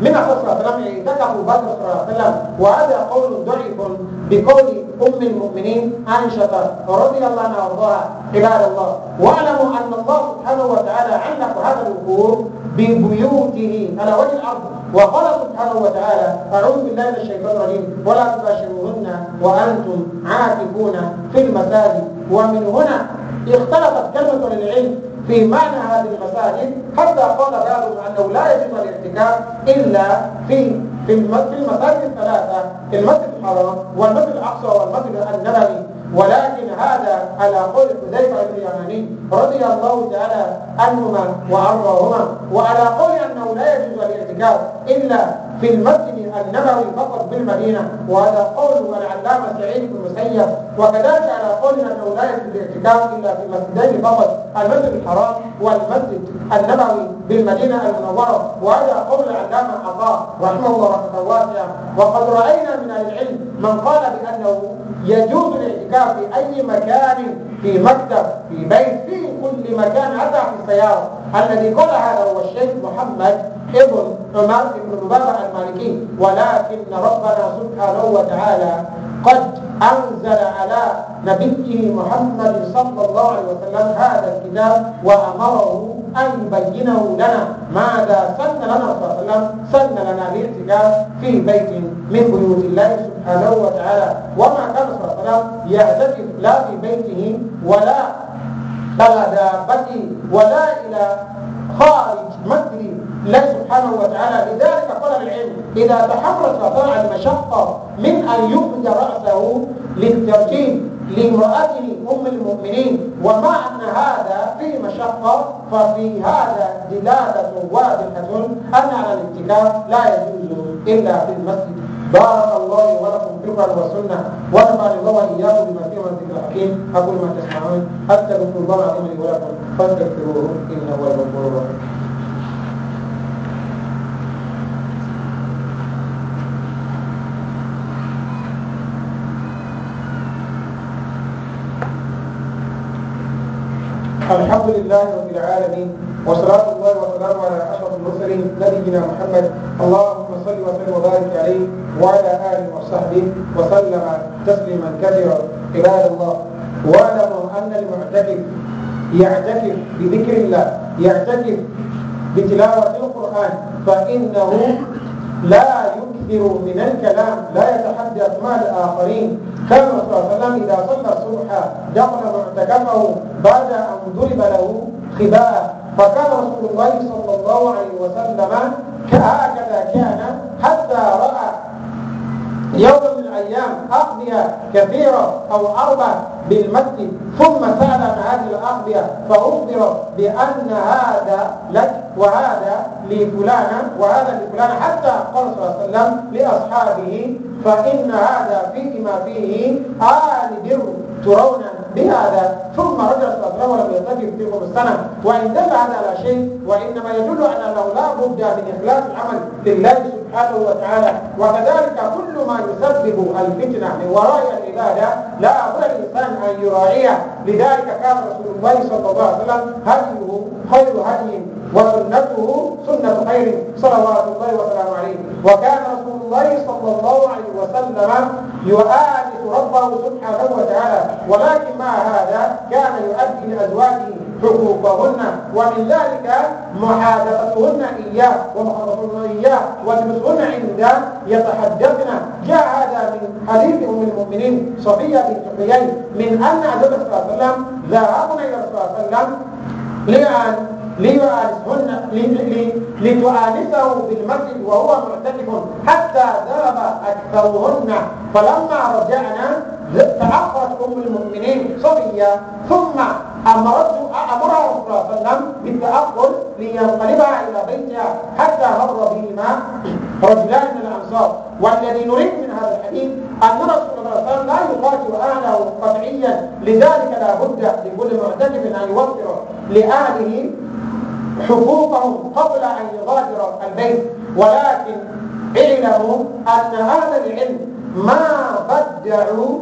من الرسول لم يعتكفوا عليه بدر صلى الله عليه وسلم وهذا قول ضعيف بقول أم المؤمنين عائشة رضي الله عنها وارضاها عباد الله واعلموا أن الله سبحانه وتعالى علق هذا الوقوف ببيوته على وجه الأرض وقال سبحانه وتعالى أعوذ بالله من الشيطان الرجيم ولا تباشروهن وأنتم عاكفون في المساجد ومن هنا اختلفت كلمة العلم في معنى هذه المساجد حتى قال بعضهم أنه لا يجب الاعتكاف إلا في في المساجد الثلاثة المسجد الحرام والمسجد الأقصى والمسجد النبوي ولكن هذا على قول حذيفة اليماني رضي الله تعالى عنهما وأرضاهما وعلى قول أنه لا يجوز الاعتكاف إلا في المسجد النبوي فقط بالمدينة وهذا قول العلامة سعيد بن مسيب وكذلك على قول أنه لا يجوز الاعتكاف إلا في مسجدين فقط المسجد الحرام والمسجد النبوي بالمدينة المنورة وهذا قول العلامة عطاء رحمه الله رحمه واسعة وقد رأينا من العلم من قال بأنه يجوز الاعتكاف في اي مكان في مكتب في بيت في كل مكان حتى في السياره الذي قال هذا هو الشيخ محمد ابن عمر بن لبابه المالكي ولكن ربنا سبحانه وتعالى قد أنزل على نبيه محمد صلى الله عليه وسلم هذا الكتاب وأمره أن يبينه لنا ماذا سن لنا صلى الله عليه وسلم سن لنا الاعتكاف في بيت من بيوت الله سبحانه وتعالى وما كان صلى الله عليه وسلم يعتكف لا في بيته ولا على دابته ولا إلى خارج مدري الله سبحانه وتعالى لذلك طلب العلم إذا تحرك طاع المشقة من أن يفد رأسه للترتيب لامرأته أم المؤمنين ومع أن هذا في مشقة ففي هذا دلالة واضحة أن على الاتكاف لا يجوز إلا في المسجد بارك الله ولكم في القرآن والسنة ونفعني الله وإياكم بما فيه من ذكر الحكيم أقول ما تسمعون أتقوا الله العظيم لي ولكم فاستغفروه إنه هو الغفور الرحيم الحمد لله رب العالمين وصلاة الله وسلامه على أشرف المرسلين نبينا محمد اللهم صل وسلم وبارك عليه وعلى آله وصحبه وسلم تسليما كثيرا عباد الله واعلموا أن المعتكف يعتكف بذكر الله يعتكف بتلاوة القرآن فإنه لا يكثر من الكلام لا يتحدث مع الآخرين كان صلى الله عليه وسلم إذا صلى الصبح دخل معتكفه بعد أن ضرب له خباء فكان رسول الله صلى الله عليه وسلم هكذا كان حتى رأى يوم من الأيام أقضية كثيرة أو أربع بالمسجد ثم سأل عن هذه الأقضية فأخبر بأن هذا لك وهذا لفلانا وهذا لفلانا حتى قال صلى الله عليه وسلم لأصحابه فإن هذا فيما فيه آل بر ترون بهذا ثم رجع الصدر ولم يرتكب فيكم السنة وإن دل هذا على شيء وإنما يدل على أنه لا بد من إخلاص العمل لله سبحانه وتعالى وكذلك كل ما يسبب الفتنة من وراء العبادة لا بد الإنسان أن يراعيه لذلك كان رسول الله صلى الله عليه وسلم هديه خير هدي وسنته سنة خير صلوات الله وسلامه عليه وكان الله صلى الله عليه وسلم يؤانس ربه سبحانه وتعالى ولكن مع هذا كان يؤدي لأزواجه حقوقهن ومن ذلك محادثتهن إياه ومحادثتهن إياه وجلوسهن عند يتحدثن جاء هذا من حديث أم المؤمنين صفية بن من أن النبي صلى الله عليه وسلم ذهبنا إلى الرسول صلى الله عليه وسلم لأن ليعالجهن لتؤانسه في المسجد وهو مرتكب حتى ذهب أكثرهن فلما رجعنا تأخرت أم المؤمنين صبية ثم امرت أمرها صلى الله عليه وسلم بالتاقل لينقلبها إلى بيتها حتى مر بهما رجلان من الأنصار والذي نريد من هذا الحديث أن رسول الله صلى الله عليه وسلم لا يقاتل أهله قطعيا لذلك لا بد لكل معتكف أن يوفر لأهله حقوقهم قبل أن يغادروا البيت ولكن اعلموا أن هذا العلم ما بدعوا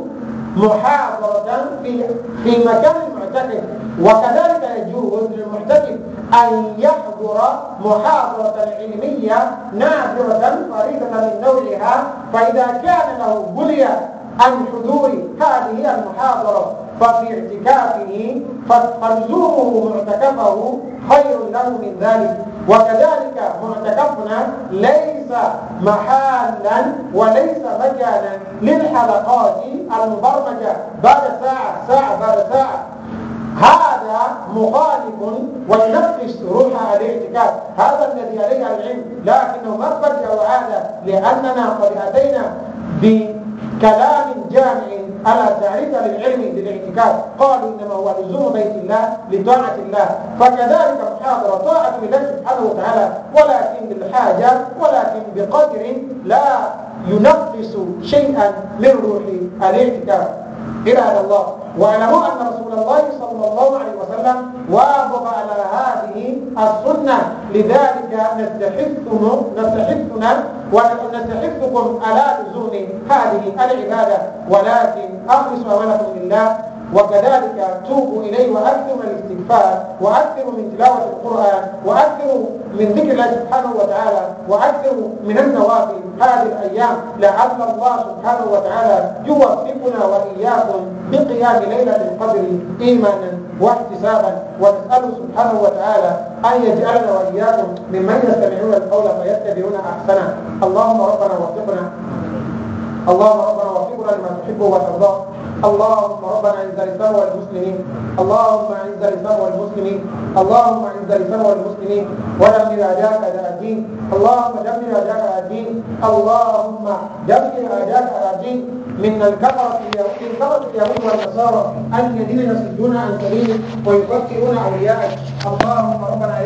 محاضرة في في مكان المعتكف وكذلك يجوز للمعتكف أن يحضر محاضرة علمية نادرة فريدة من نوعها فإذا كان له بلية عن حضور هذه المحاضرة ففي اعتكافه فتلزمه معتكفه خير له من ذلك وكذلك معتكفنا ليس محالا وليس مجالا للحلقات المبرمجة بعد ساعة ساعة بعد ساعة هذا مخالف وينفس روح الاعتكاف هذا الذي عليه العلم لكنه ما بدأ لأننا قد أتينا كلام جامع على تعرف للعلم بالاعتكاف قالوا انما هو لزوم بيت الله لطاعه الله فكذلك محاضره طاعه لله سبحانه وتعالى ولكن بالحاجه ولكن بقدر لا ينقص شيئا من روح الاعتكاف عباد الله واعلموا ان رسول الله صلى الله عليه وسلم وافق على هذه السنه لذلك نستحثكم نستحثنا ونستحثكم على لزوم هذه العباده ولكن اخلصوا امانكم لله وكذلك توبوا إليه وأكثروا من الاستغفار وأكثروا من تلاوة القرآن وأكثروا من ذكر الله سبحانه وتعالى وأكثروا من النوافل هذه الأيام لعل الله سبحانه وتعالى يوفقنا وإياكم بقيام ليلة القدر إيمانا واحتسابا ونسأله سبحانه وتعالى أن يجعلنا وإياكم ممن يستمعون القول فيتبعون أحسنه اللهم ربنا وفقنا اللهم ربنا وفقنا لما تحبه وترضاه اللهم ربنا اعز الاسلام والمسلمين اللهم اعز الاسلام والمسلمين اللهم اعز الاسلام والمسلمين ودمر اعداءك على الدين اللهم دمر اعداءك على الدين اللهم دمر اعداءك على الدين من الكفرة من كفرة اليهود والنصارى الذين يصدون عن سبيلك ويفكرون اولياءك اللهم ربنا